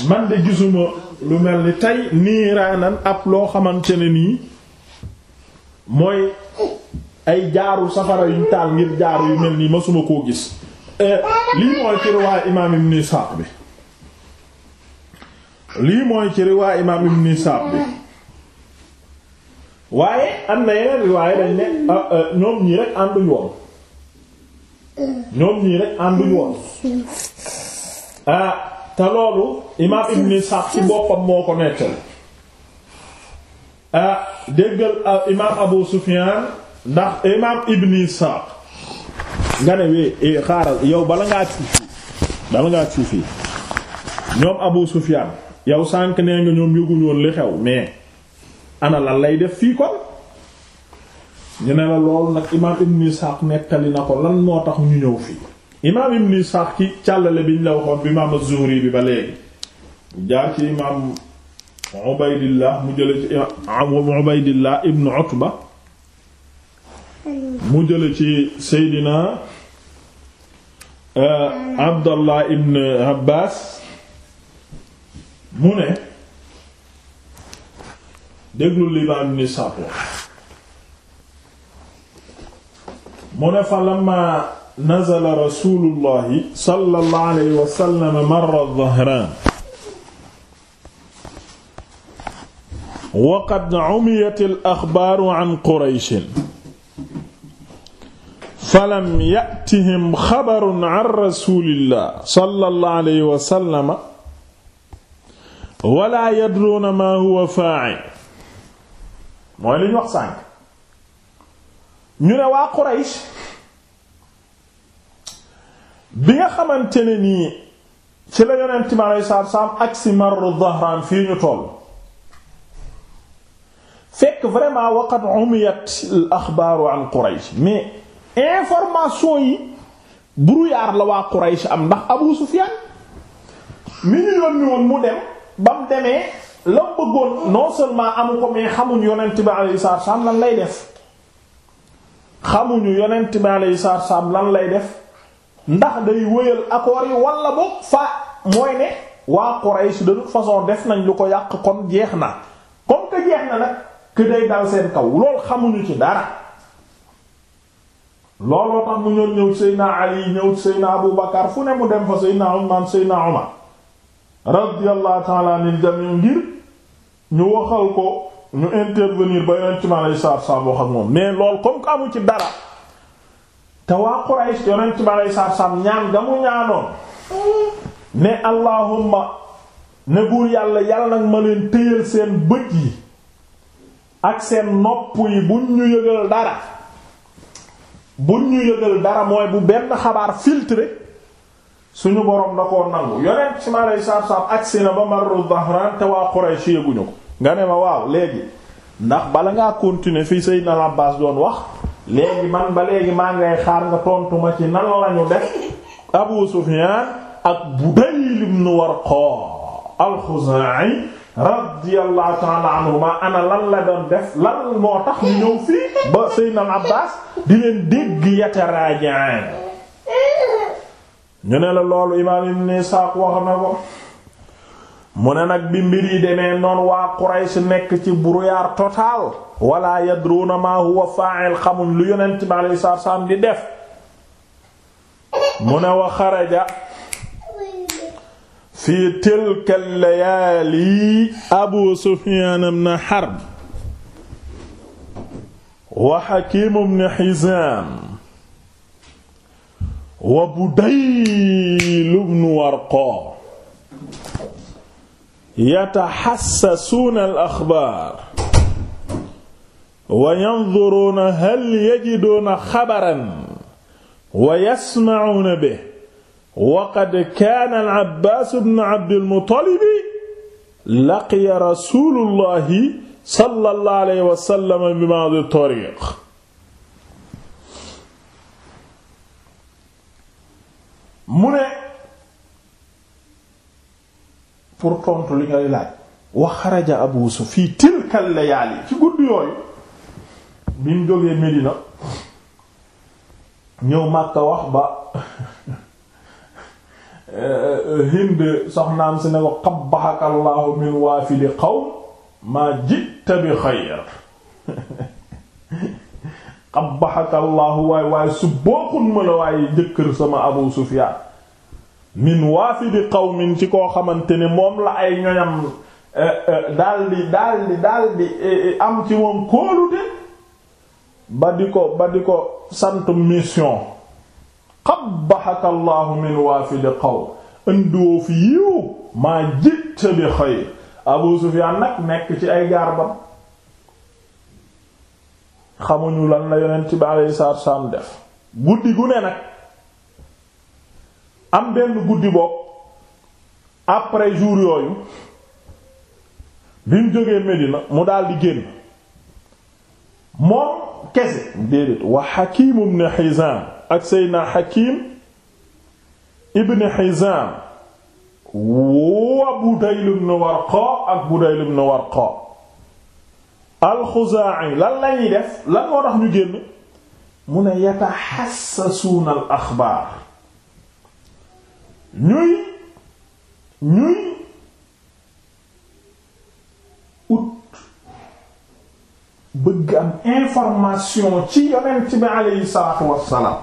man de gisuma lu mel ni tey niiraanan ab loo xamante nii mooy ay jaaru safara yuñ taal ngir jaaru yu mel nii masuma koo gis lii mooy ci riwaay imaam ibn Isaaq bi lii mooy ci riwaay imaam ibn Isaaq bi waaye am na yeneen riwaay dañ ne ah, ah, ñoom ñii rek ànduñu woon ñoom ñii rek ànduñu woon ah, te loolu imaam ibn Isaaq ci boppam moo ko nettali ah déggal imaam Abu Sufyaan ndax imaam ibn Isaaq nga ne wee eh, xaaral yow bala ngaa suufi bala ngaa ñoom Abu Sufyan yow sànq nee nga ñoom yëguñu woon li xew mais ana lan lay def fii kon ñu ne la lool nag imaam Ibn Ishaq nettali na ko lan moo tax ñu ñëw fii imaam Ibn Ishaq ci càllale biñ la waxoon bi imaam Az-Zuhri bi ba léegi jaar ci imaam Ubaydillah mu jële ci imaam Ubaydillah mu jële ci Seydina Euh, Abdallah ibn Abbas mu ne déglu limaam ni sàppo mu ne fa lamma nazala rasulullahi sallallahu alayhi wa sallam marra dhahran wa qad umiyat al axbaaru an qurayshin falam yatihim xabarun an rasulillah sallallahu alayhi wa sallama wala yadruuna ma huwa fa'il mooy li ñu wax sànk ñu ne waa Quraysh bi nga xamante ne nii ci la yonent mi alayhi salaatu salaam ak si marru Dhahraan fii ñu toll fekk vraiment waqad umiyat al axbaaru an Quraysh mais information yi brouillard la waa Quraysh am ndax Abu Sufyan mi ñu yónni woon mu dem ba mu demee la bëggoon non seulement amu ko mais xamuñu yonent bi alayhi salaam lan lay def xamuñu yonent bi alayhi salaam lan lay def ndax day wëyal accords yi wala boog fa mooy ne waa Quraysh de toute façon def nañ lu ko yàq kon jeex na comme que jeex na nag que day dal seen kaw lool xamuñu ci dara. looloo tax mu ñëw ñëw Seydina Ali ñëw Seydina Abu Bakar fu ne mu dem fa Seydina Usmaan Seydina Umar radiyallahu ta'ala ngir ñu waxal ko ñu intervenir ba yonent mi alayhi salaatu salaam wax ak moom mais lool comme que amu ci dara te waa Quraysh yonent mi alayhi salaatu salaam ñaan nga ñaanoon ne allahumma ne buur yàlla yàlla nag ma leen téyal seen bët yi ak seen nopp yi buñ ñu yëgal dara bu ñu yëgal dara mooy bu benn xabaar filtre suñu boroom da koo nangu yonent si ma lay saab saab agsi na ba marru Dhahran te waa Quraysh yëguñu ko nga ne ma waaw léegi ndax bala ngaa continuer fii say Abbas doon wax léegi man ba léegi maa ngay xaar nga tontu ma ci nan lañu def Abu Sufyan ak Budayl ibn war al-Khuzai radiyallahu ta'ala ana lan la doon def lan moo tax ñu ñëw fii ba Seydina Abbas di leen dégg yataraajan ñu ne la loolu imaam Ibn Isaaq wax na ko mu ne nag bi mbir yi demee noonu waa Quraysh nekk ci brouillard total wala yadruuna ma huwa fa'il xamuñ lu yonent bi alayhi salaam di def mu ne wa xaraja fi tilka layaali abu sufyaan ibn harb wa hakiim ibn hizaam wa budayl ibn warqa yatahassasuuna al axbaar wa yanzuruuna hal yajiduuna xabaran wa yasma'uuna bihi waqad kaana al-Abbaas ibn Abdil Muttalib laqiya rasuulullahi sallallahu alayhi wa sallam bi ma'di tariiq mu ne pour tontu li ngay laaj wa xaraja Abu Sufyaan fii tilka layaali ci yooyu bi mu jógee Medina ñëw wax ba Eh, eh, hind soxnaam si ne ko qabbahaka allahu min waafidi qawm maa jitta bi xayr qabbahaka allahu waay waaye su bokkun ma la waaye jëkkër sama abu sufyaan min waafidi qawmin ci koo xamante ne moom la ay ñoñam eh, daldi daldi daldi am ci moom kóolute ba di ko ba di ko sant mission qabbahaka allahu min waafidi qawm indiwoo yiw maa jitta bi xayr abu sufiyaan nag nekk ci ay gaarbam xamuñu lan la yonent bi alayhi salaatu wassalaam def guddi gu ne nag am benn guddi bopp après jour yooyu bi mu jógee Medina mu daal génn moom kese déedéet wa Hakiim ibn Hizaam ak seydna Hakim ibn Hizam wa Budayl ibn Warqa ak Budayl ibn Warqa al lan lañuy def lan moo ñu génn mu ne yataxassasuuna al ñuy ñuy ut bëgg am information ci yonent bi aleyhi salaatu wassalaam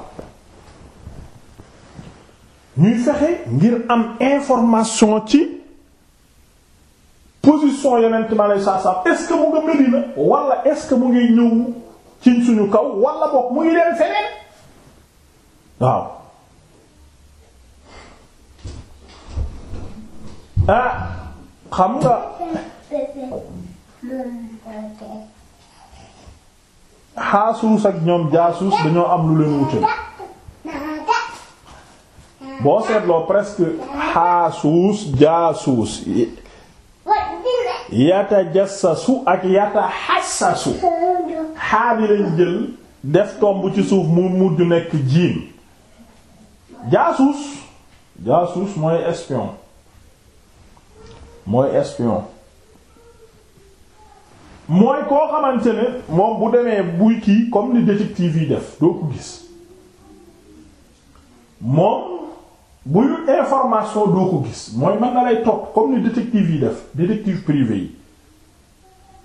ñuy fexe ngir am information ci position yonent ma lay saa saa est-ce que mu nga Medina wala est-ce que mu ngi ñëw ci suñu kaw wala boog mu ngi leen feneen waaw ah xam nga xaasuus ak ñoom jaasuus dañoo am lu leen wutale boo seetloo presque xaasuus jaasuus yata jassasu ak yata xassasu xaa bi lañ jël def tomb ci suuf mu mujj nekk jiim jaasuus jaasuus mooy espion mooy espion mooy koo xamante ne moom bu demee buy kii comme ni détective yi def doo ko gis moom buy information doo ko gis mooy mën na lay topp comme ni détective yi def détective privé yi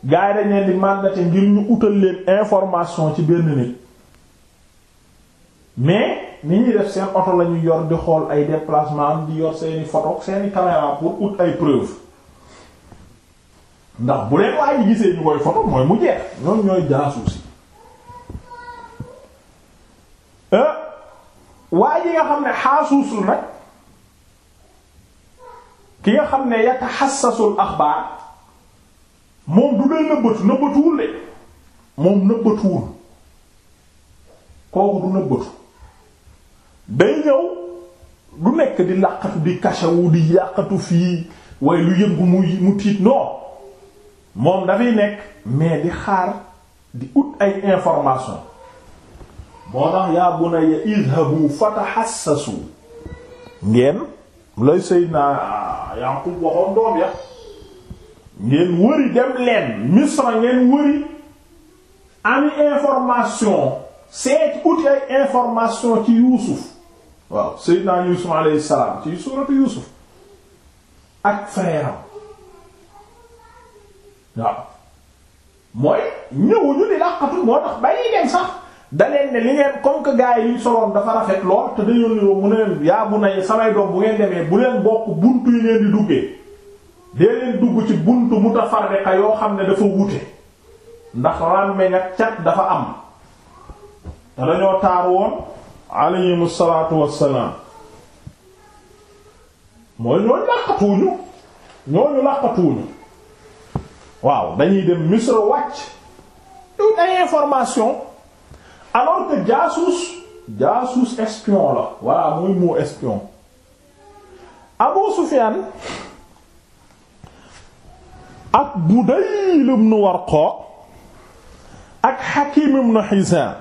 gars yi dañ di mandaté ngir ñu utal leen information ci benn nit mais ni ñuy def seen oto la yor di xool ay déplacement am di yor seeni photo seeni caméra pour ut ay preuve ndax bu leen waaye gisee ñu koy photo mooy mu jeex ñoom ñooy jaasuus yi euh, waa ji nga xam ne xaasuusul nag ki nga xam ne yataxassasul axbaar moom du dee nëbbatu nëbbatuwul de moom nëbbatuwul kooku du nëbbatu day ñëw du nekk di làqatu di kasawu di yàqatu fii waaye lu yëngu mu mu tiit non moom dafay nekk mais di xaar di ut ay information moo tax yaa bunayya idhabu fatahassasu ngeen lay Seydina Yaqub waxoon doom ya ngeen wëri dem leen Misra ngeen wëri ami information seet uti ay information ci Yuusuf waaw Seydina Yuusuf alayhi salaam ci suuratu Yuusuf ak frère waaw mooy ñëwuñu di làqatu moo tax bàyyi dem sax da leen ne li ngeen comme que yi soloon dafa rafet lool te dañoo niroo mu ne leen yaa bu nay samay doom bu ngeen demee bu leen bokk buntu yi ngeen di duggee dee leen dugg ci buntu mutafarriqa yoo xam ne dafa wute ndax ràmmeñ ak cat dafa am te dañoo taar woon alayhimu salaatu wassalaam mooy ñooñu làqatuuñu ñooñu làqatuuñu waaw dañuy dem Misra wàcc tout ay information alors que jaasuus jaasuus espion la voilà mooy moo espion Abu Sufyaan ak Budayl ibn Warqa ak Hakim ibn Hizam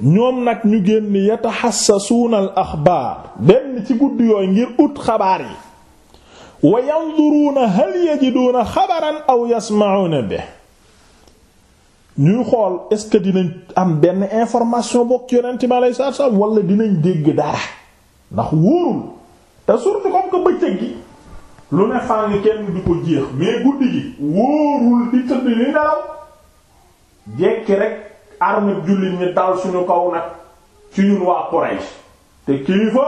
ñoom nag ñu génn yataxassasuuna al axbaar benn ci guddi yooyu ngir ut xabaar yi wa yanduruuna hal yajiduuna xabaran aw yasma'uuna bihi ñuy xool est-ce que dinañ am benn information bokk yonent bi alayhi salaatu salaam wala dinañ dégg dara ndax wóorul te surtout comme que bëccëg gi lu ne fànn kenn du ko jeex mais guddi gi wóorul di li nelaw jekki rek arme jullit ñi dal suñu kaw nag ci ñun waa Quraysh te kilifa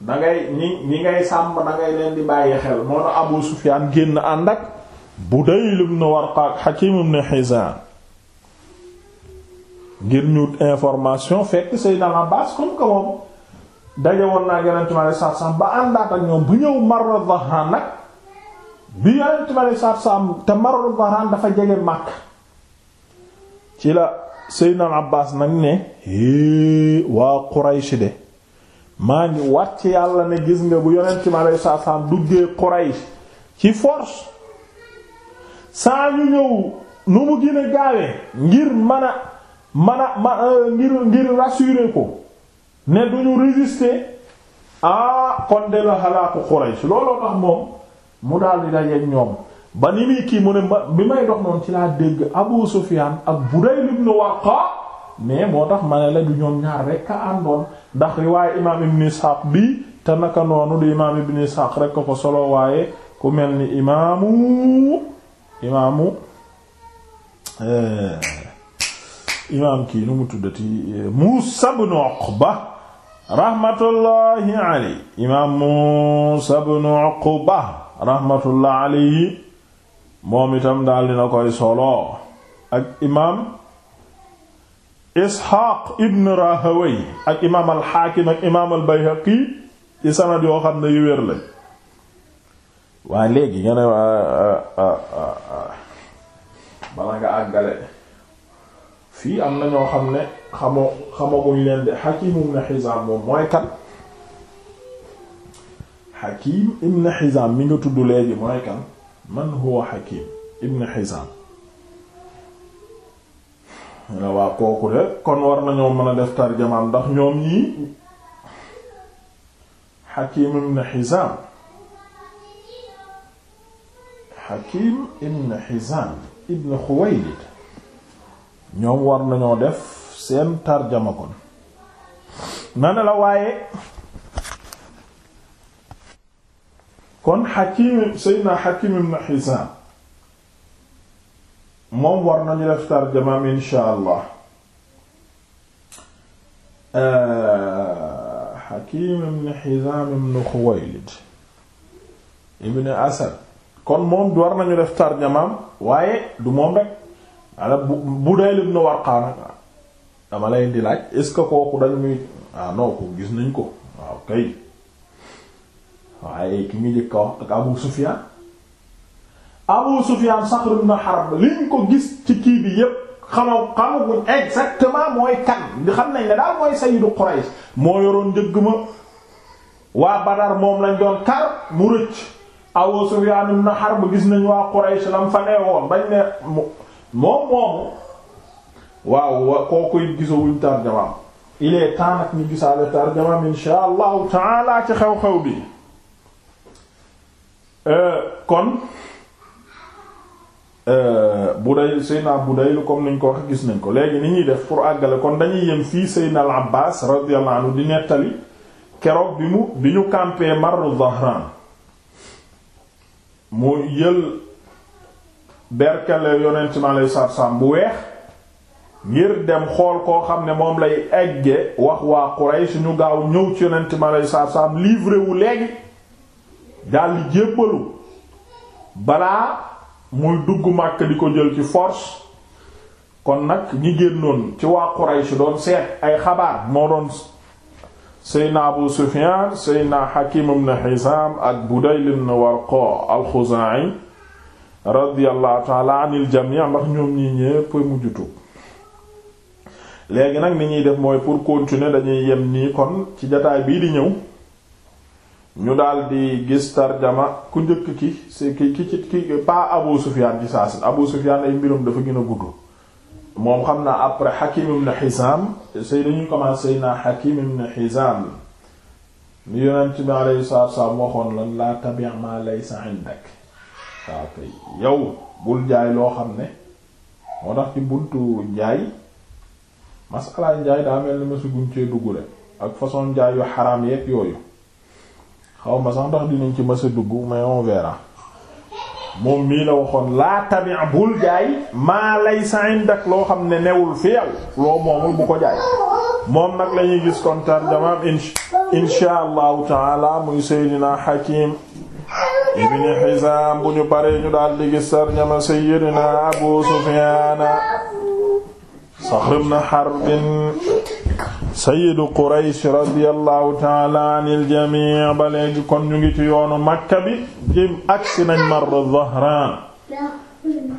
da ñi ñi ngay sàmm da ngay leen di bàyyi xel moo na Abu Sufyaan génn ànd ak Budayl ibn Warqa ak Hakim ibn Hizam ngir ñu information fekk Seydina Abbas comme que daje woon naa Yonent mi alayhi ba àndaat ak ñoom bu ñëw Marru Dhahraan nag bi Yonent mi alayhi dafa jege Makka ci la Seydina Abbas nag ne hee waa Quraysh de maa ngi wàcc yàlla ne gis nga bu Yonent mi alayhi duggee Quraysh ci force saa ñu ñëw nu mu gën a gaawee ngir mën a mën a ma euh, ngir ngir rassurer ko ne duñu résister ah kon de la xalaaku Quraysh looloo tax moom mu daal di dajeeg ñoom ba ni muy kii mu ne bi may dox noonu ci laa dégg Abu Sufyan ak Budayl ibn Warqa mais moo tax ma ne la du ñoom ñaar rek a àndoon ndax riwaaye imaam ibn Ishaq bi te naka noonu di imaam ibn Ishaq rek ko solo waaye ku mel ni imaamu imaamu eh, imaam kii nu mu tuddati eh, Muusa ibnu Uqba rahmatullahi aley imaam Muusa ibnu Uqba rahmatullahi aley moom itam daal dina koy solo ak imaam Isxaaq ibn Rahawey ak imaam al Xaakim ak imaam al Bayhaqi ci sanad yoo xam ne yu wér la waa léegi nga ne ah, ah, ah, bala nga àggale fii am na ñoo xam ne xamoo xamaguñ leen de Hakim ibn Hizam moom mooy kan Hakim ibn Hizam mi nga tudd léegi mooy kan man huwa Hakim ibn Hizam nga waa kooku rek kon war nañoo mën a def tarjamaam ndax ñoom ñii Hakim ibn Hizam Hakim ibn Hizam ibn Khuwaylid ñoom war nañoo def seen tarjama kon nana la waaye kon Hakim Seydina Hakim ibn Hizam moom war nañu def tarjamaam insha allah Hakim ibn Hizam ibn Khuwaylid ibn Asad kon moom war nañu def tarjamaam waaye du moom rek wala bu Budayl ibn Warqaa dama lay di laaj est-ce que kooku dañ muy ah gis nañ ko waaw kay waaye ki ñu jëkk a wax ak Abu Sufyaan Abu Sufyaan Saxr ibn Harb liñ ko gis ci kii bi yépp xamaw xamaguñ exactement mooy kan di xam nañ ne daal mooy sayyidu Quraysh moo yoroon njëgg ma waa Badar moom lañ doon kar mu rëcc Abu Sufyaan ibn Harb gis nañ waa Quraysh lam fa nee woon bañ ne moom moomu waaw kooku it gisawuñ tarjamaam il est temps ñu gisaale tarjamaam insha allahu ci xew-xew bi euh, kon euh, Budayl Seydina Budayl comme niñ ko wax gis nañ ko léegi ni ñuy def pour àggale kon dañuy yem fii Seydina al Abbaas radiyallahu anhu di nettali keroog bi mu bi ñu campé Marru Zahraan mu yël berkale yonent mi aleyhi bu weex ngir dem xool koo xam ne moom lay egge wax waa Quraysh ñu gaaw ñëw ci yonent mi aleyhi salaatu salaam livré wu léegi daldi jébbalu balaa muy dugg màkk di ko jël ci fors kon nag ñi génnoon ci waa Quraysh doon seet ay xabaar moo doon seydna abu sufyan seydna hakim ibn hizam ak budayl ibn warqa alxuzaa'i radiyallahu taala anil jami ndax ñoom ñi ñépp mujj tuub léegi nag ni ñuy def mooy pour continuer dañuy yem nii kon ci jataay bii di ñëw ñu di gis tarjama ku njëkk ki ki ki ki pa abu sufyan ci saasin abu sufyan ay mbirum dafa gën a gudd moom xam naa après Hakim ibn Hizam say dañuy commencé naa Hakim ibn Hizam ni yonent bi alayhi salaatu wassalaam waxoon lan laa tabi' ma laysa indak waaw kay yow bul jaay loo xam ne moo tax ci buntu njaay masala njaay daa mel ni ma suguñ cee dugg rek ak façon njaay yu xaraam yooyu xaw ma sax ndax dinañ ci mës a dugg mais on moom la laa tabi bul jaay ma laysa indak loo xam ne newul fi yow loo moomul bu ko jaay nag la ñuy gis kon tarjamaam insha allahu taala muy seydina hakim ibn hizam bu ñu paree ñu daal di gis seydina abu sufyaan saxr harbin sayyidu quraysh radiyallahu taala anil jamii ba léegi kon ñu ngi ci yoonu makka bi jim agsi nañ marra zahraan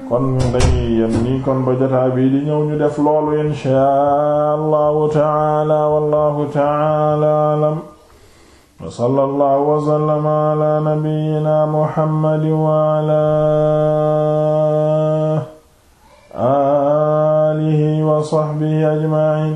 kon dañuy yem nii kon ba jotaa bi di ñëw ñu def loolu inshaa allahu taala wallahu taala alam wa sallallahu wa sallama ala nabiyyina muhammad wa ala alihi wa sahbihi ajma'in